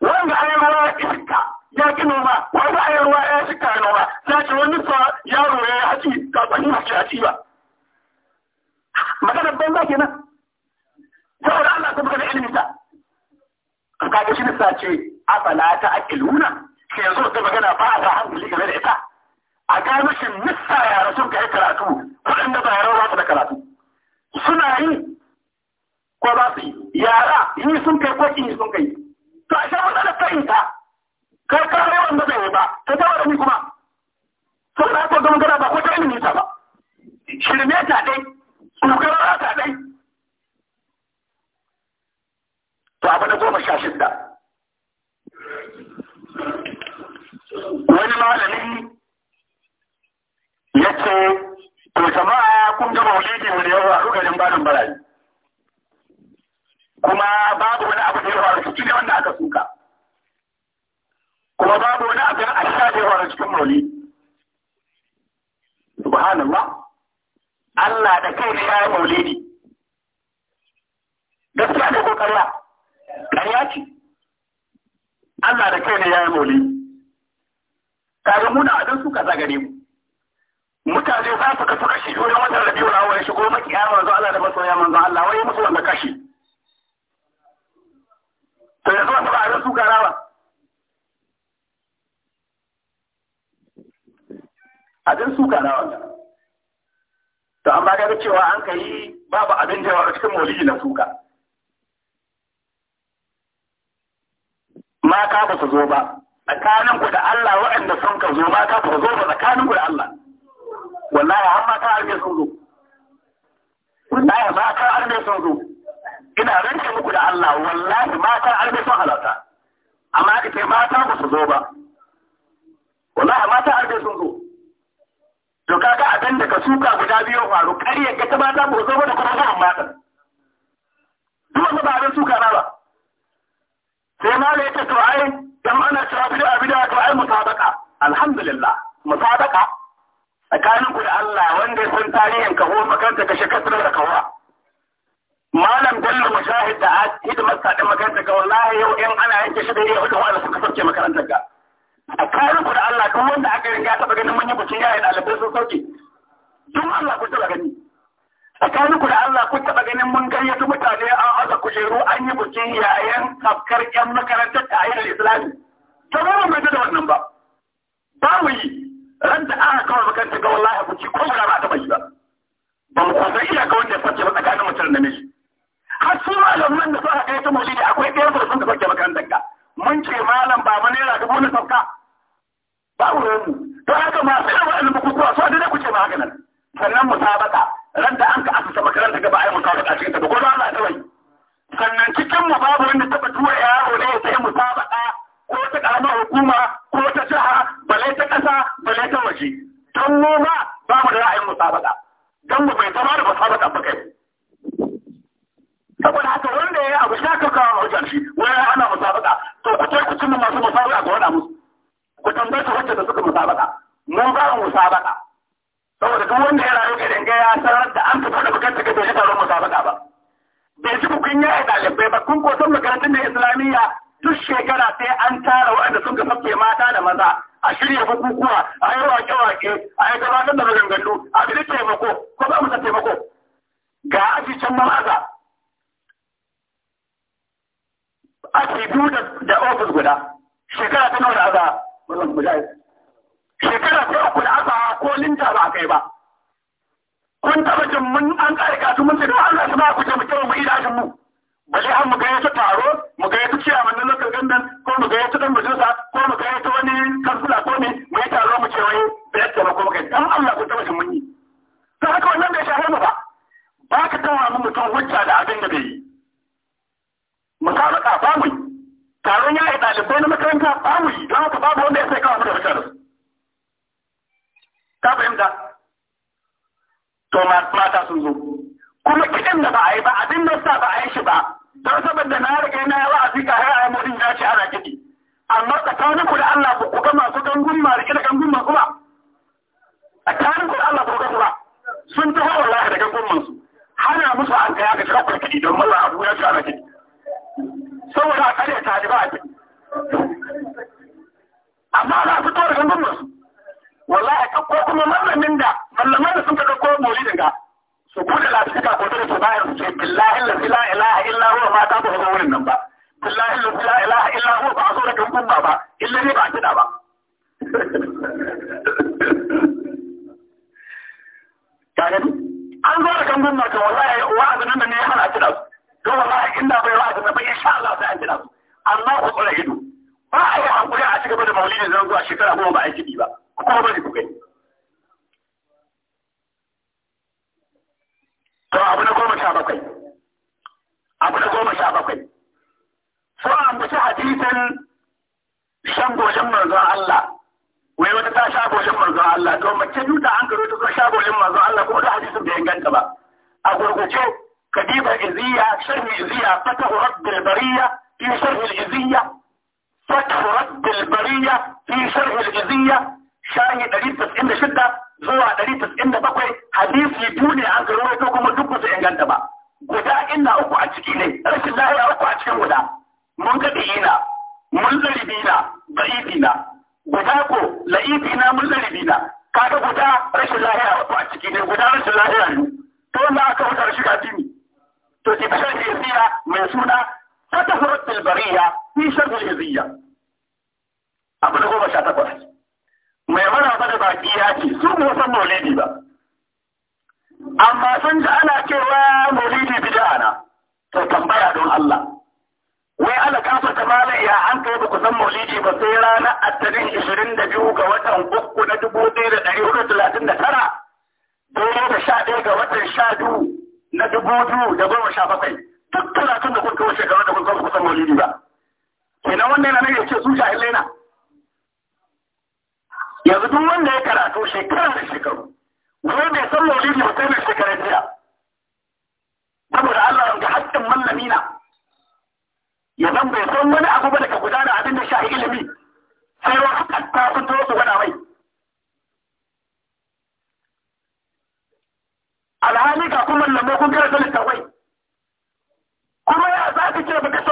A: wanda ayi ruwa ya iska ya ki noma wanda ayi ruwa ya ci ya noma za ce wani sa yaro ya haci kwanci ma ya ci ba Magana banza kenan saboda Allah ta buga ilimin ilimi ta kaga shi ne sace afala ta akiluna sai yanzu da magana ba a ga hankali game da ita a ga mishin mista yara sun kai karatu waɗanda ba yara wasu da karatu suna yi ko ba su yi yara yi sun kai ko yi sun kai to a sha wata ta yi ta kai kare wanda zai yi ba ta ta wani kuma sun da aka gama gana ba ko ta ilimi ta ba shirme ta dai tsokarar ta dai kun ga maulidi mu da yawa a garin barin barayi kuma babu wani abu da yawa da cikin wanda aka suka kuma babu wani abu da asha da yawa da cikin maulidi subhanallah Allah da kai ne ya yi maulidi gaskiya da ko karya karya ce Allah da kai ne ya yi maulidi kaga muna a don suka zagare mu mutane za su kasu kashi wajen watan rabiul awwal shigo makiya zuwa, Allah da masoya manzo Allah wai musu wanda kashi to yanzu zuwa ba a su rawa a abin su gara wannan to amma ga cewa an kai babu abin jawa a cikin maulidi na suka ma ka ba su zo ba tsakanin ku da Allah waɗanda sun ka zo ma ka ba su zo ba tsakanin ku da Allah wallahi har mata arme sun zo wallahi mata arme sun zo ina rance muku da Allah wallahi mata arme sun halarta amma da ke mata ba su zo ba wallahi mata arme sun zo to kaga abin da ka suka guda biyu faru ƙarya ka ta mata ba zo ba da kuma zuwan mata duk wanda ba abin suka na ba sai ma da yake to ai dan ana cewa bid'a bid'a to ai musabaka alhamdulillah musabaka tsakanin ku da Allah wanda ya san tarihin kaho makaranta kashe kasar da kawa malam bello mushahid da hidimar sa din makaranta ka wallahi yau in ana yanke shi da yau da wanda suka sauke makarantar ga tsakanin ku da Allah duk wanda aka riga ta ganin mun yi bukin yayin ɗalibai sun sauke duk Allah ku taba gani tsakanin ku da Allah ku taba ganin mun gayyato mutane an aza kujeru an yi bukin yayin kafkar yan makarantar ta ayyar islami to ba mu da wannan ba ba mu yi ran da aka kawo ta ga wallahi ku ci ko ba ba ta bayyana ba Ba mu kusa iya ga wanda ya ba tsakanin mutum da miji har su malaman da suka kai ta maulidi akwai ɗaya da sun sauke makarantar ka mun ce malam ba mu naira dubu na sauka ba wurin mu to haka wa yawan wa'annan bukukuwa so da ku ce ba haka nan sannan musabaka ran da an ka asusa makarantar ga ba mu yi ta cikin ta ba ko da Allah ta bai sannan cikin mu babu wanda taba tura yaro ne ya sai musabaka ko ta kama hukuma ko ta jaha. balai ta ƙasa balai ta waje don mu ba ba mu da ra'ayin musabaka don mu bai zama da musabaka ba kai saboda haka wanda ya yi abu shi aka kawo hujjar shi wani ya ana musabaka to ku ce ku cimma masu musabaka ku wada musu ku tambaye su wacce da suka musabaka mu ba mu musabaka saboda duk wanda ya rayu irin ga ya sanar da an tafi da bukatar ka da ya taron musabaka ba bai ji kun yi ɗalibai ba kun ko san makarantun da islamiyya duk shekara sai an tara waɗanda sun ga sauke mata da maza a shirya bukukuwa a yi wake-wake a yi gabatar da maganganu a bi taimako ko ba mu ta taimako ga aji can ma'aza aji biyu da ofis guda shekara ta nawa da aza wannan guda shekara ta uku da aza ko linta ba a kai ba kun taba jin mun an ƙarƙa su mun ce da Allah su ba ku taimake mu idashin mu bari an mu ta taro mu gayyata ciyaman na lokacin gandan ko mu ta dan majalisa ko mu ta wani kansula ko ne mu yi taro mu ce wai da yadda ba ko kai gayyata dan Allah ku tabbata mun yi to haka wannan bai shahe mu ba ba ka tawa mu mutum hujja da abin da bai yi musabaka ba mu taron ya yi ɗalibai na makaranta ba mu yi don haka babu wanda ya sai kawo mu da hujja da su ka fahimta to mata sun zo kuma kiɗan da ba a yi ba abin da sa ba a yi shi ba don saboda na riga na yawa a fika har a yamurin ya ce ana kiɗi amma tsakanin ku da Allah ku kuka ga masu gangun ma rike da gangun ba, kuma tsakanin ku da Allah ku ga ba sun hawa wallahi da gangun masu hana musu an kaya ga shiga kurkidi don mallan abu ya ce ana kiɗi saboda a kare ta ba a kiɗi amma za a fito da gangun masu su wallahi ko kuma mallamin da mallamin da sun ka ɗauko maulidin daga su buɗe lafiya ko da su bayar su ce billahi la ilaha illa huwa ma ta ba zo wurin nan ba billahi la ilaha illa huwa ba zo da dukkan ba ba illa ne ba tuna ba kaga an zo da kan gumma to wallahi wa'azin nan ne ya hana tuna to wallahi inda bai wa'azin nan ba insha Allah sai an su. amma ku tsara ido ba a yi hankuri a cigaba da maulidin zan zuwa shekara goma ba a bi ba kuma ba ne ku gani to abu na goma sha bakwai abu na goma sha bakwai so an bi hadisin shan goshin manzon Allah wai wata ta sha goshin manzon Allah to mace duta an karo ta sha goshin manzon Allah kuma da hadisin bai inganta ba a gurguje kadiba iziya sharhi iziya fatahu rabbil bariya fi sharhi iziya fatahu rabbil bariya fi sharhi iziya shahi 196 zuwa ɗari tas'in da bakwai hadisi biyu ne an karuwa ko kuma duk su inganta ba guda ina uku a ciki ne rashin lahiya uku a cikin guda mun kaɗe ina mun zaribi na zaifi na guda ko la'ifi na mun zaribi na kaga guda rashin lahiya uku a ciki ne guda rashin lahiya ne to wanda aka huta rashin addini? to ke bashar hizira mai suna ta tafirar bariya, fi shar hizira abu na goma sha takwas mai mana da baki ya ce su ba san maulidi ba amma sun ji ana cewa maulidi bid'a na to tambaya don Allah wai ala kafa ta mala ya an kai ku san maulidi ba sai ranar attarin 22 ga watan uku na 1439 dole da 11 ga watan 12 na 2017 duk talatin da kuka kawo shekaru da kuka san maulidi ba kenan wannan ne nake ce su jahilai na yanzu duk wanda ya karatu shekara da shekaru wani mai san maulidi ba sai mai shekara jiya saboda Allah ga haƙƙin mallami na ya zan bai san wani abu ba daga gudana abin da shahi ilimi sai wasu ta fito su gwada mai alhali ga kuma lamar kun kira karanta littafai kuma ya za ka ce baka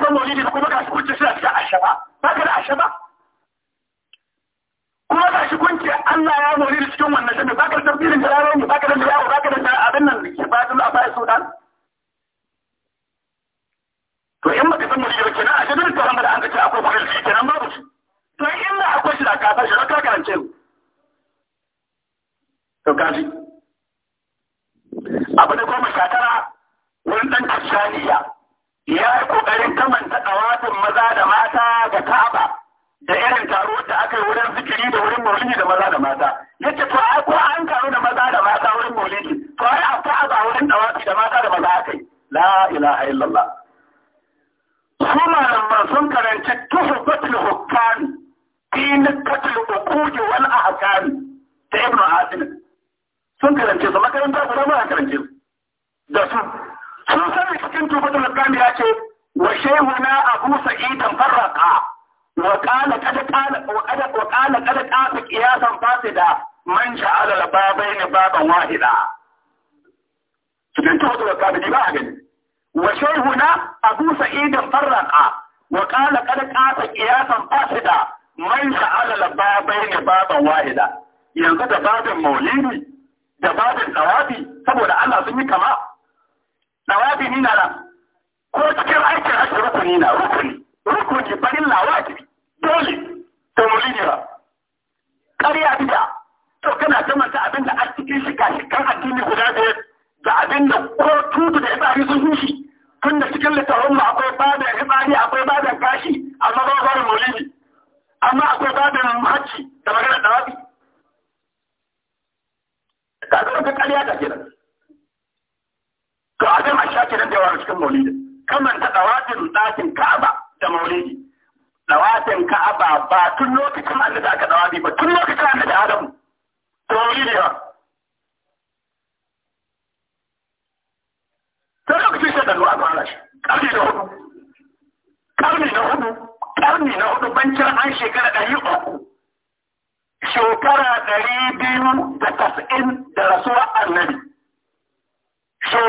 A: san maulidi ba kuma ga shi kuce shi a cikin ashaba ba ka da ashaba Kuma ga shi kun Allah ya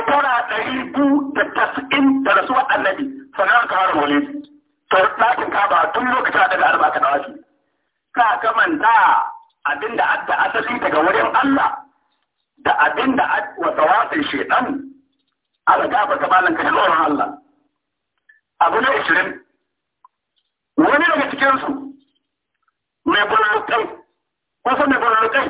A: shekara ɗari biyu da tasirin da rasuwar annabi sanar ka fara su. to ɗakin kaba tun lokacin da daga arba ka dawashi ka ka manta abin da adda asali daga wurin Allah da abin da wata wasan shedan ala gaba ta malan ka tsoron Allah abu na ishirin wani daga cikinsu mai bullukai kusa mai bullukai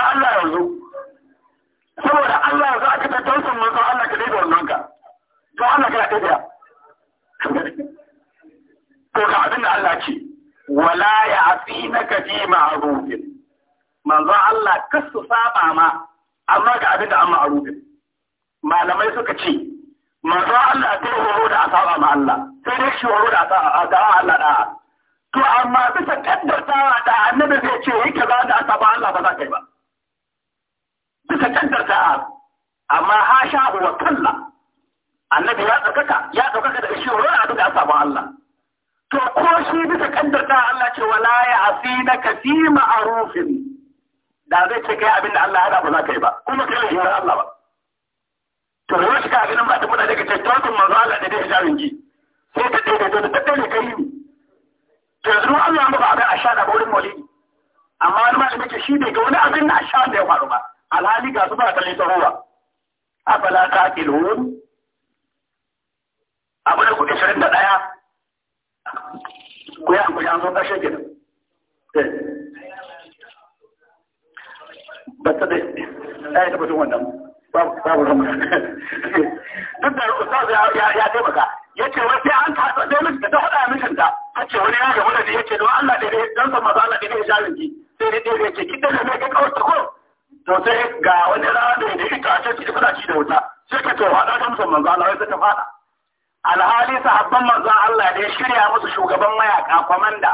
A: Allah yanzu saboda Allah za ka ta tausan manzon Allah ka daida wannan ka to Allah ka daida to ka abin da Allah ce wala ya fi na ma'rufin manzo Allah kasu saba ma amma ga abin da an ma'rufin malamai suka ce manzo Allah ta horo da asaba ma Allah sai dai shi horo da asaba Allah da'a to amma bisa kaddartawa da annabi zai ce yi kaza da asaba Allah ba za ka yi ba suka tantanta a amma ha sha wa kalla annabi ya ɗaukaka ya ɗaukaka daga shi wani abin da sabon Allah to ko shi bisa kaddarta Allah ce wala ya asina ka fi ma'rufin da zai ce kai abin da Allah ya ba za ka yi ba kuma kai da Allah ba to yau shi ka abin ba ta muna daga ce to kun manzo Allah da dai jarin ji sai ka dai da ta kai kai ni to yanzu Allah ba abin a sha da wurin maulidi amma wani malami ce shi bai ga wani abin na sha da ya faru ba alhali ga su ba kalli tsarowa afala taqilun abu da kuɗi shirin da ɗaya ku yi hankali an zo ƙarshen gina eh. ba ta da ɗaya ta batun wannan babu zama shirya musu shugaban mayaka kwamanda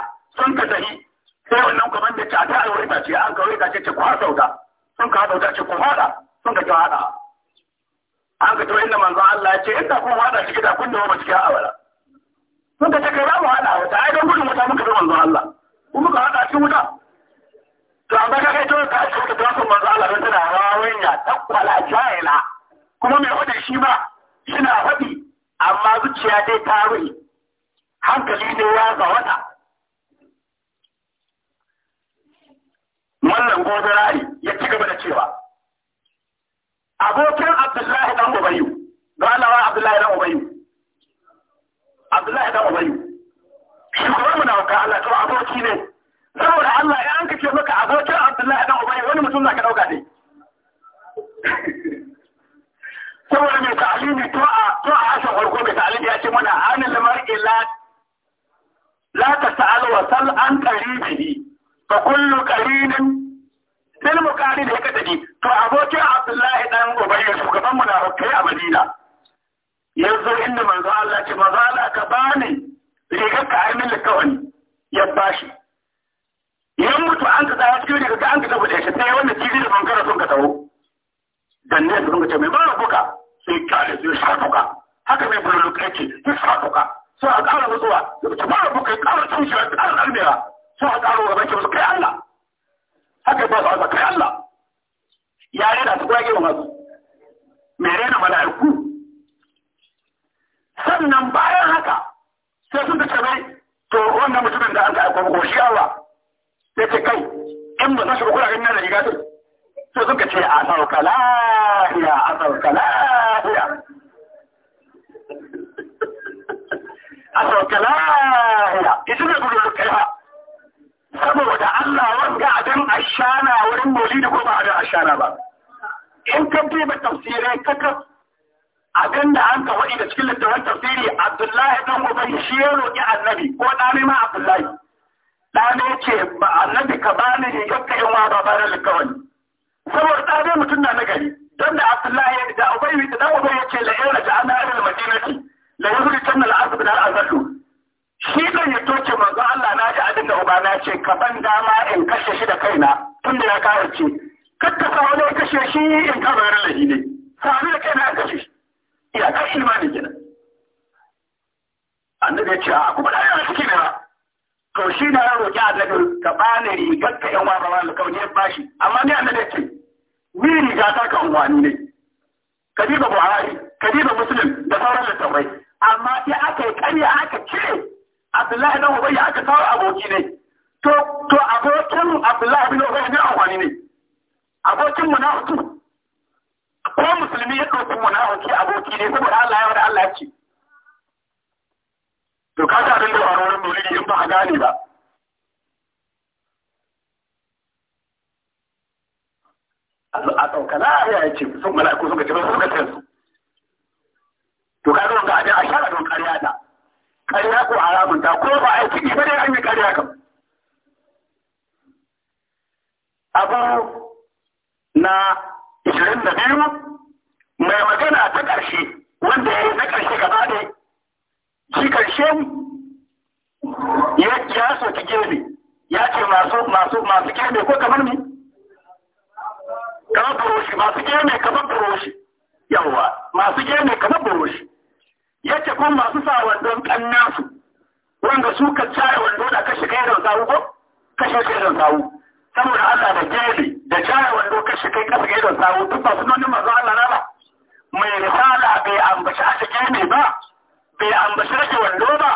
A: a sauka lahiya ita ne gudun kai ha saboda Allah wanga abin ashana wurin Moli da kuma abin ashana ba in ka fi duba tafsirai kaka abin da an kawai da cikin littafin tafsiri Abdullahi dan Ubay shi ya roƙi annabi ko ɗane ma Abdullahi ɗane ce ba annabi ka bani ni yakka in wa ba bare likawani saboda ɗane mutum na nagari don da Abdullahi da Ubay da dan Ubay yace la da illa ana ilal madinati la yuzri tanna al-asb da al shi kan ya toce manzo Allah na ji abin da ubana ce ka ban dama in kashe shi da kaina tunda ya kawarce kakka sa wani kashe shi in kama ran lahi ne sami da kaina kashe shi ya kashi imanin ne kenan annabi ya ce a kuma da yana suke da to shi na ya roƙi annabi ka bani rigar ka yan wara wani kauni ya bashi amma ni annabi ya ce ni riga ta kan wani ne kadiba buhari ka kadiba Musulun, da sauran littattafai amma sai aka yi ƙarya aka ce Abdullahi na Ubayy aka kawo aboki ne to to abokin Abdullahi bin Ubayy ne amfani ne abokin munafiki ko musulmi ya ɗauki munafiki aboki ne saboda Allah ya wada Allah ya ce to ka ga abin da faru wurin maulidi in ba a gane ba a ɗauka lahiya ya ce sun mala'iku suka ce ba suka ce su to kaga wanda abin a shara don ƙarya ta ƙarya ko haramun ta ko ba aiki ne dai an yi ƙarya kam abu na 22 mai magana ta ƙarshe wanda ya yi na ƙarshe gaba ne shi ƙarshe ya ya soki gebe ya ce masu masu masu gebe ko kamar ni kamar buroshi masu gebe kamar buroshi yawa masu gebe kamar buroshi yace kun masu sa wandon kannan su wanda su ka tsara wando da kashe kai da sawu ko kashe kai da sawu saboda Allah da gele da tsara wando kashe kai kashe kai da sawu duk ba sunan manzo Allah na ba mai risala bai ambaci a cikin ne ba bai ambaci rage wando ba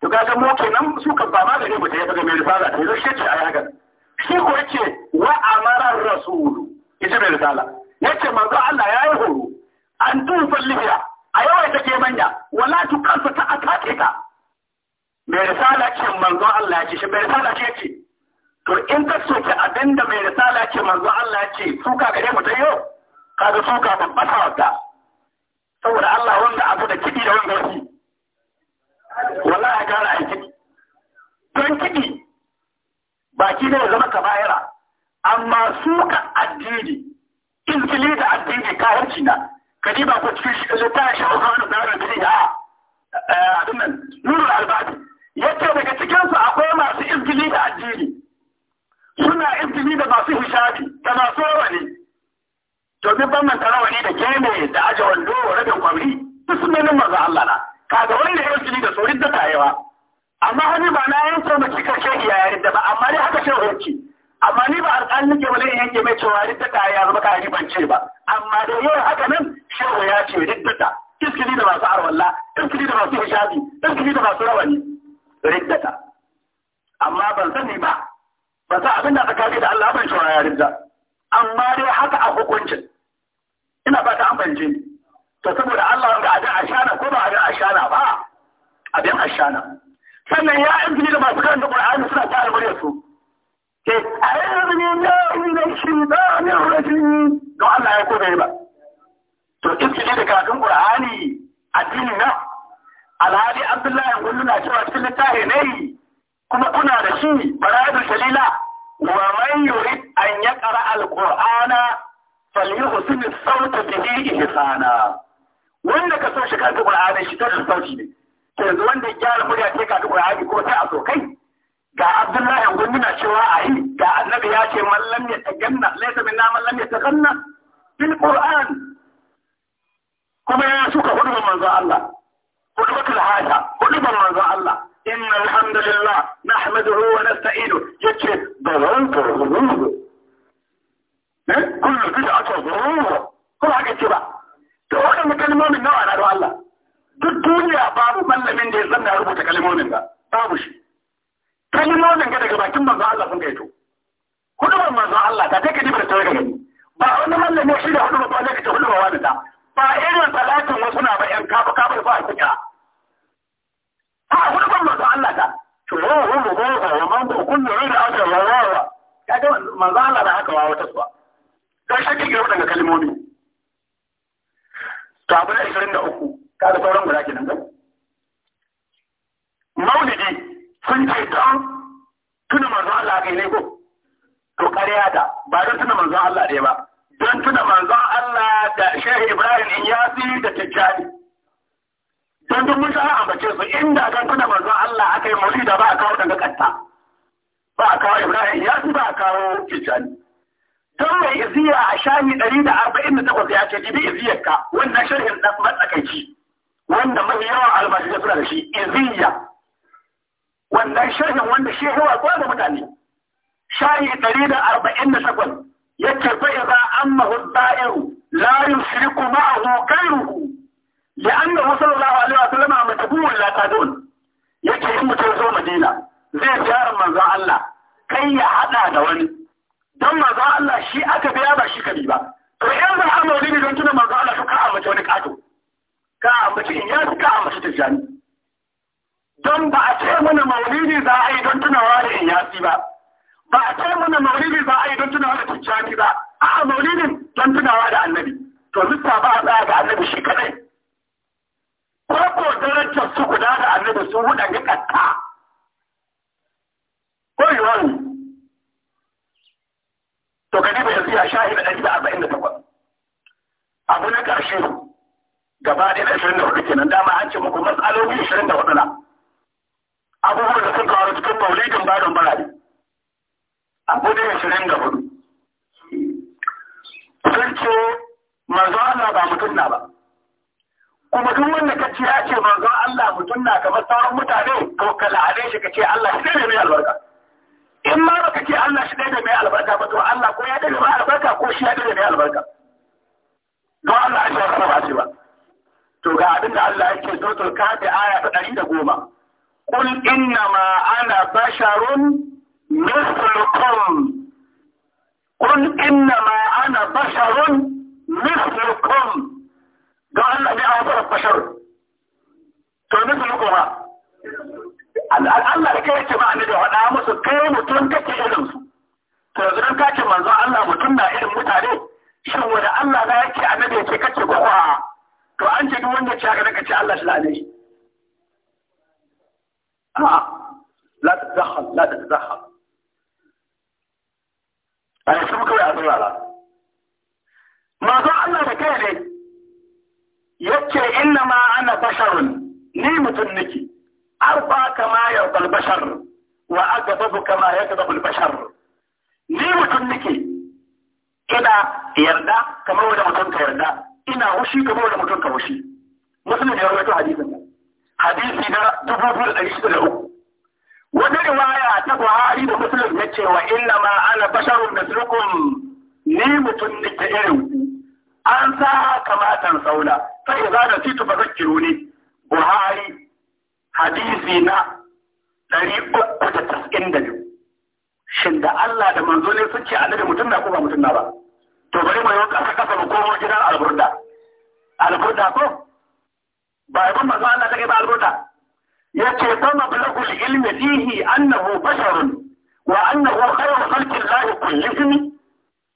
A: to kaga mu kenan su ka ba magani ba ta yi daga mai risala ta yi shi ce ayi haka shi ko yace wa amara rasulu ita mai risala yace manzo Allah ya yi horo an tufa libya a yawan ta ke manya wala tu kansa ta atake ta mai risala ce manzo Allah ya ce shi mai risala ce ce to in ka soke abinda mai risala ce manzo Allah ya ce suka gare mu ta yau ga suka babba ta wadda saboda Allah wanda abu da kidi da wanda wasi wallahi gara a kidi don kiɗi baki ne ya zama bayara amma suka addini in da addini kawarci na kadi ba ku cikin shi littafin shi Usman ibn Rabi ya eh, abin nan Nurul Albani yace daga cikin su akwai masu izgili da addini suna izgili da masu hishabi da masu rawani to duk ban manta rawani da gene da aje wando rabin kwamri duk sun nan manzo Allah na kaga wanda ya izgili da sorin da tayewa amma hani ba na yanke mace karshe iyayen da ba amma dai haka shehu yake amma ni ba alƙalin nake ba zai yanke mai cewa duk da ya zama kare ban ce ba amma da yau haka nan shehu ya ce duk da iskili da masu arwalla iskili da masu hishabi iskili da masu rawani riddata amma ban sani ba ba sa abin da tsakani da Allah ban shawara ya ridda amma dai haka a hukuncin ina ba ta an banje to saboda Allah wanda a ga ashana ko ba a ashana ba abin ashana sannan ya iskili da masu karanta Qur'ani suna tare muryar su أعوذ بالله من الشيطان الرجيم دو الله ya kodai ba to ibtidi da karatun qur'ani addini na alhali abdullahi kullu na cewa cikin littafi ne kuma kuna da shi baradul salila wa man yurid an yaqra alqur'ana falyuhsin as-sawta bihi ihsana wanda ka so shi karatun qur'ani shi ta sauti ne to yanzu wanda ya gyara murya ta karatun qur'ani ko sai a so kai ga Abdullahi Gumi na cewa a yi ga annabi ya ce mallam ya taganna laisa minna mallam ya taganna bil Qur'an kuma ya suka hudu manzo Allah hudu batul haja hudu manzo Allah inna alhamdulillah nahmaduhu wa nasta'inuhu yace ba mutum na ba kuma duk wanda ka ce ya ce manzon Allah mutum na kamar sauran mutane to ka la'ane shi ka ce Allah shi ne mai albarka in ma baka ce Allah shi ne mai albarka ba to Allah ko ya dade mai albarka ko shi ya dade mai albarka don Allah ya shara ba shi ba to ga abin da Allah yake so to ka da aya ta 110 قل إنما أنا بشر مثلكم قل إنما أنا بشر مثلكم don Allah ne a wasu bashar to nufi kuma Allah da kai yake ba ni da faɗa musu kai mutum kake irin su to yanzu dan kace manzon Allah mutum na irin mutane shin wani Allah na yake annabi yake kace ko a to an ce duk wanda ya ga kace Allah shi lane shi a la tadkhal la tadkhal ai kuma kai a tsara Mazan Allah da kai ne yace inna ma ana basharun ni mutum nake arfa kama yarda bashar wa agadabu kama yagdabu bashar ni mutum nake ina yarda kamar wanda mutum ka yarda ina hushi kamar wanda mutum ka hushi muslim ya rawaito hadisin nan hadisi na dubu biyu da ɗari shida da uku wata riwaya ta Buhari da Muslim ya ce wa inna ma ana basharun mislukum ni mutum nake irin ku an sa kamatan saula sai za da titu ba zakiru ne buhari hadisi na ɗari uku da tas'in da biyu shin da Allah da manzo ne suke annabi mutum na ko ba mutum na ba to bari mu yi kasa kasa mu komo gidan alburda alburda ko ba ibn manzo Allah take ba alburda ce fa mablagul ilmi fihi annahu basharun wa annahu khayru khalqi Allah kullihim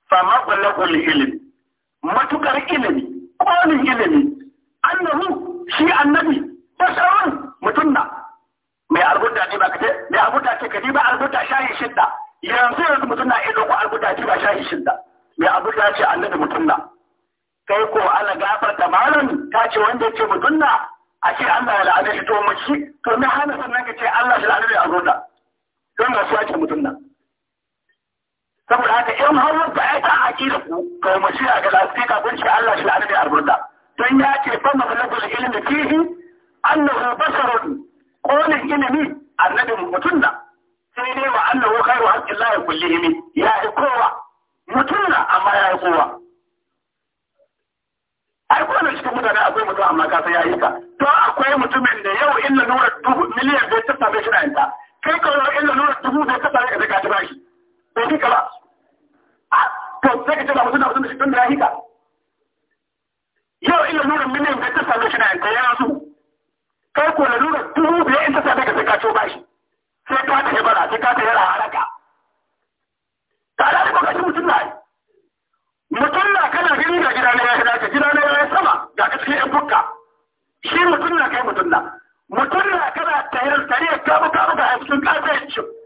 A: fa mablagul ilmi matukar ilimi ƙonin ilimi annahu shi annabi basarun mutum na mai albuta ce ba kace mai albuta ce kaji ba albuta shahi shidda yanzu yanzu mutum na ido ko albuta ce ba shahi shidda mai albuta ce annabi mutum na kai ko ana gafarta malam ta ce wanda ce mutum na a ce Allah ya la'ana shi to mu shi to me hana sannan ka ce Allah shi la'ana da albuta don ga su ake mutum na? saboda haka in har mun fa'a ta da ku ga mashi a ga lafiya kafin shi Allah shi la'ana da arbuda don ya ce fa mablagul ilmi fihi annahu basharun qawlin ilmi annabi mutun da sai dai wa annahu khairu haqqillahi kullihim ya yi kowa mutun da amma ya yi kowa ai kuma kowane cikin mutane akwai mutum amma ka sai ya yi ka to akwai mutumin da yau illa nura dubu miliyan bai tattabe shi na yanta kai kawai illa nura dubu bai tattabe ka sai ka ci bashi bai kika ba to sai ka ce ba mutum da mutum da shi ya hika yau ilimin nurin miliyan ka ta same shi na yanka su kai ko na nuna dubu biyar in ta same ka sai ka coba shi sai ka ta hebara sai ka ta yara haraka ka da ba ka ji mutum na
B: mutum na kana gani ga gida na ya hada gida na ya sama
A: ga ka cikin yan bukka shi mutum na kai mutum na mutum na kana tayar tare ka buka buka a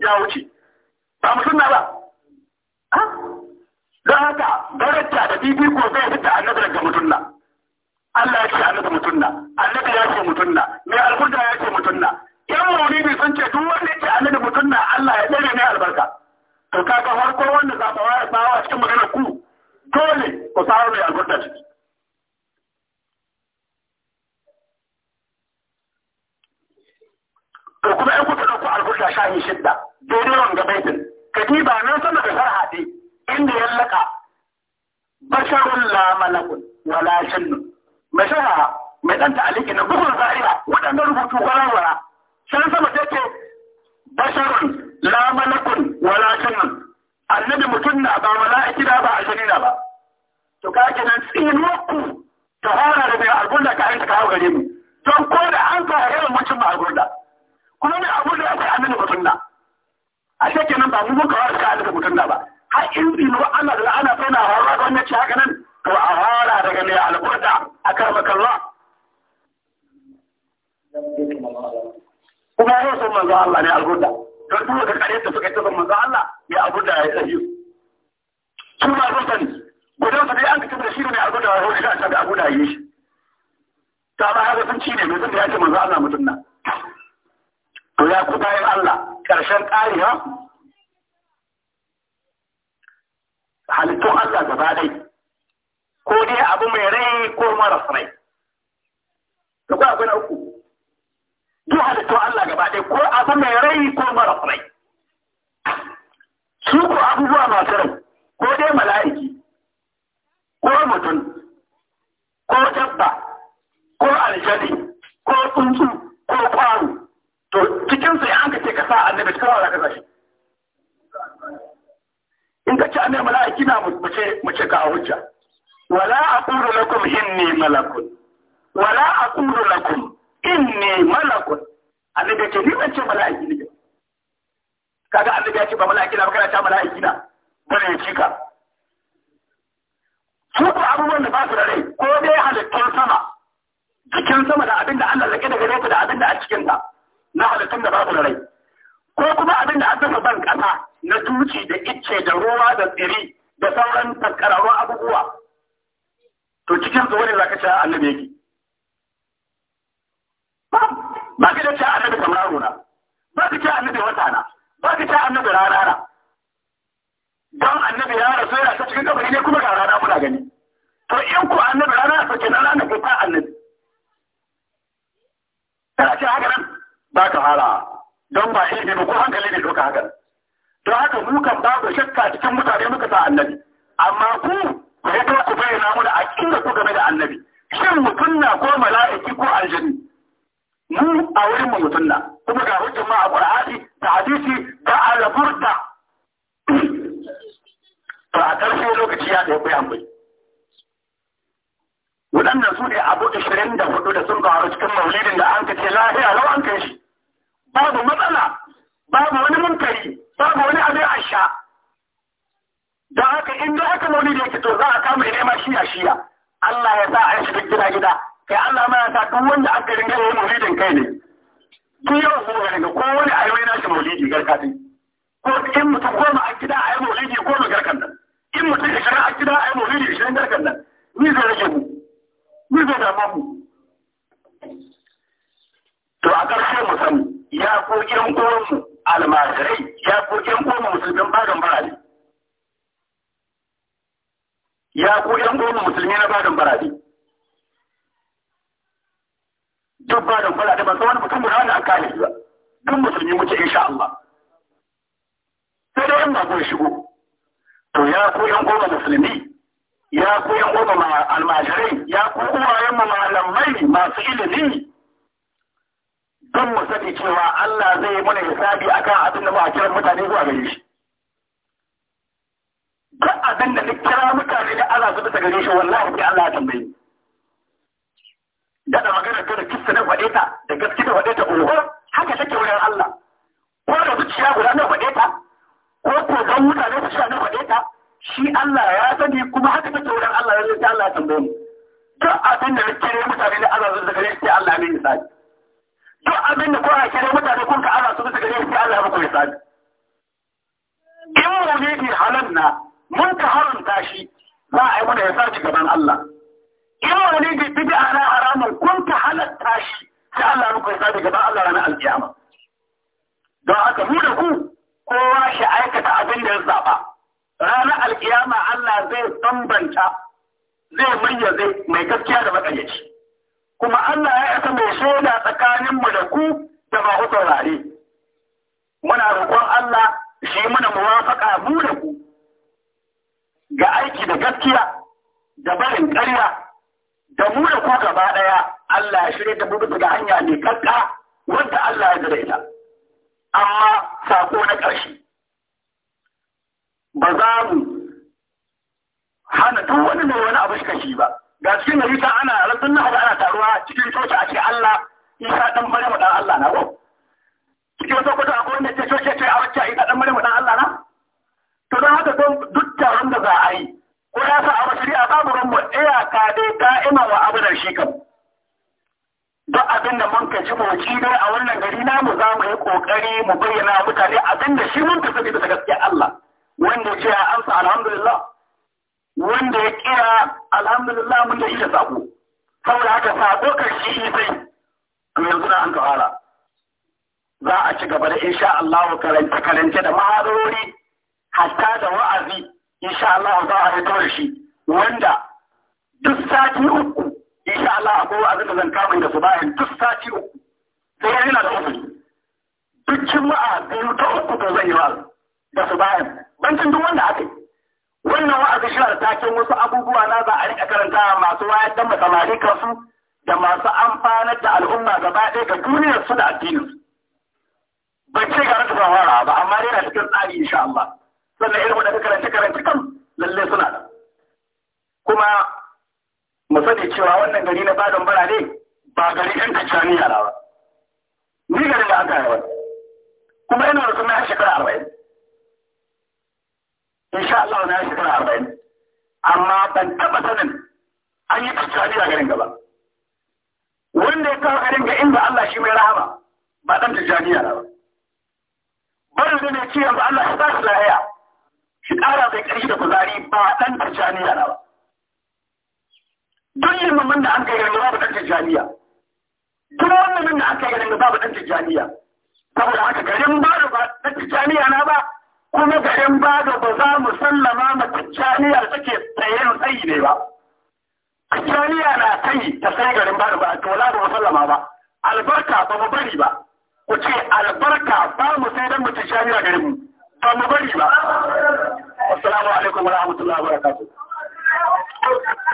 A: ya wuce ba mutum na ba don haka daraja da ko zai fita annabi daga mutunna Allah ya ce annabi mutunna annabi ya ce mutunna Me alkurda ya ce mutunna yan maulidi sun ce duk wanda ya ce annabi mutunna Allah ya tsare mai albarka to kaga farko wanda zabawa ya bawa cikin maganar ku dole ku samu mai albarka ciki to kuma in kuka ɗauko albarka shahi shidda daidai wanga baitin ba nan sama da sarha dai inda ya laka basarun la malakun wala shannu mashara mai dan ta'aliki na gugun zariya wadannan rubutu warwara shan sama take basarun la malakun wala shannu annabi mutum na ba wala ikida ba aljani na ba to ka ga nan ku ta hana da mai algurda ka aika kawo gare mu don ko da an ka yawan mutum ba algurda kuma ne algurda ya kai annabi mutum na a shekenan ba mu muka wasu ka aika mutum na ba har in zinu Allah da ana tana harra gwamnati haka nan to a fara daga mai alƙurda a karmakalla kuma yau sun manzo Allah ne alƙurda don duk da kare ta suka tafi manzo Allah ya alƙurda ya tsayi su ma sun sani gudan su dai an tafi da shi ne alƙurda ya hoji kan da abuda yi shi ta ba haka sun ci ne mai sun da ya ce manzo Allah mutum na to ya kuka yin Allah ƙarshen ha? halittun Allah gaba dai ko dai abu mai rai ko mara rai da kuwa akwai na uku duk halittun Allah gaba dai ko abu mai rai ko mara rai su ko abubuwa masu rai ko dai mala'iki ko mutum ko dabba ko aljadi ko tsuntsu ko kwaro to cikinsu ya an ka ce ka sa annabi cikin wa za ka zashi. shi in ka ce annai mala'iki na mace mace ka hujja wala aqulu lakum inni malakun wala aqulu lakum inni malakun annabi ce ni mace mala'iki ne kaga annabi ya ce ba mala'iki na kana ta mala'iki na bane ya ka. su ko abubuwan da ba su da rai ko dai halittun sama cikin sama da abinda Allah lake daga gare da abinda a cikin ka, na halittun da ba su da rai ko kuma abinda a sama ban kasa na tuci da icce da ruwa da tsiri da sauran tankararrun abubuwa to cikin zuwa ne za ka ce annabi yake ba ka ce annabi kamar na ba ka ce annabi wata ba ka ce annabi rana don annabi ya rasu yana ta cikin kabari ne kuma ga rana muna gani to in ku annabi rana ta kenan rana ko ta annabi tana ce haka nan ba ka fara don ba ilimi ba ko hankali ne doka haka don haka mu kan babu shakka cikin mutane muka sa annabi amma ku sai fito ku bayyana mu da aƙida ku game da annabi shin mutum na ko mala'iki ko aljini mu a wurin mu mutum na kuma ga hujjar ma a qur'ani da hadisi da al-burda to a karshe lokaci ya tafi yan bai waɗannan su ne abu 24 da hudu da sun faru cikin maulidin da an kace lahiya lau an kai shi babu matsala babu wani munkari babu wani sha Da haka inda aka aka da yake to za a kama ya nema shiya shiya Allah ya sa a yi shi duk gida gida kai Allah ma ya sa duk wanda aka ringa yi maulidin kai ne ku yau ko ga ko wani a yi nashi maulidi garkati ko in mutum goma a gida a yi ko mu garkan nan in mutum shirin a gida a yi maulidi shirin garkan nan ni zai rage mu ni zai dama mu to a ƙarshen mu sani ya ko ƴan mu. almajirai ya ko ƴan goma musulmin bagan barade ya ko ƴan goma musulmi na bagan barade duk bagan barade ba wani mutum guda wani an kare ba duk musulmi muke insha Allah sai dai yan bako shigo to ya ko ƴan goma musulmi ya ko ƴan goma almajirai ya ko uwayen mu malamai masu ilimi don mu sani cewa Allah zai yi mana hisabi akan abin da ba a kiran mutane zuwa gare shi Ga abin da duk kira mutane da Allah su bisa gare shi wallahi sai Allah ya tambaye da da magana ta da kissa na faɗe ta da gaske da faɗe ta oho haka take wurin Allah ko da zuciya guda na faɗe ta ko ko dan mutane su sha na faɗe ta shi Allah ya sani kuma haka take wurin Allah ya sai Allah ya tambaye mu abin da duk kira mutane da Allah su bisa gare shi sai Allah ya yi duk abin da kowa shi ne mutane kun ka ana su bisa gare shi Allah muku ya sani in maulidi halal na mun ka haramta shi za a yi mana ya sani gaban Allah in maulidi bid'a na haramun kun ka halatta shi sai Allah muku ya sani gaban Allah ranar alkiyama don haka mu da ku kowa shi aikata abin da ya zaba ranar alkiyama Allah zai bambanta zai mayyaze mai gaskiya da makaryaci. kuma Allah ya isa mai shaida tsakaninmu da ku da ba ku saurare. Muna roƙon Allah shi muna muwafaka mu da ku ga aiki da gaskiya da barin karya, da mu da ku gaba ɗaya Allah ya shirya da mu bisa ga hanya mai kakka wanda Allah ya zira ita. Amma sako na ƙarshe. Ba za mu hana duk wani mai wani abu shi ba. ga cikin nabi ta ana rabbin na ana taruwa cikin coci a ce Allah Isa dan Maryam dan Allah na ko cikin wata kwata akwai wanda ce coci ce a wacce Isa dan Maryam dan Allah na to don haka don duk taron da za a yi ko ya sa a shari'a babu ran mu iyaka dai da'ima wa da shi kam duk abin da mun ka ji ci dai a wannan gari namu za mu yi kokari mu bayyana mutane abin da shi mun tafi da gaskiya Allah wanda ya ce ya amsa alhamdulillah wanda ya kira alhamdulillah mun da iya sako saboda haka sako karshe shi sai yanzu na an kawara za a ci gaba da insha Allah karanta karanta da maharori hatta da wa'azi insha Allah za a fito da shi wanda duk sati uku insha Allah akwai wa'azi da zan kama da su bayan duk sati uku sai yana da uku duk juma'a biyu ta uku ko zan yi wa'azi da su bayan bancin duk wanda aka yi wannan wa'azi shi da taken wasu abubuwa na za a rika karanta masu wayar da masamari kansu da masu amfanar da al'umma gaba ɗaya ga duniyar su da addinin su ban ce ga rasa fara ba amma dai na cikin tsari insha Allah sannan irin wanda karanta karanta kan lalle suna da kuma mu sani cewa wannan gari na Badon ne ba gari ɗan Tijjaniya ba ni garin da aka yi kuma ina da sunan shekara arba'in in sha Allah na shekara arba'in amma ban taɓa sanin an yi tsakani a garin gaba wanda ya kawo garin ga inda Allah shi mai rahama ba dan tijaniya ba bari da ne ce yanzu Allah shi ba shi lahiya shi ƙara mai ƙarfi da kuzari ba dan tijaniya ba duk limamin da an kai garin babu dan tijaniya duk wannan da an kai garin babu dan tijaniya saboda haka garin ba da dan tijaniya na ba kuma garin da ba za mu sallama ma tijjaniya take tsayen tsayi ne ba tijjaniya na tsayi ta sai garin da ba to la ba sallama ba albarka ba mu bari ba ku ce albarka ba mu sai don mu tijjaniya garin mu ba mu bari ba assalamu alaikum wa rahmatullahi wa barakatuh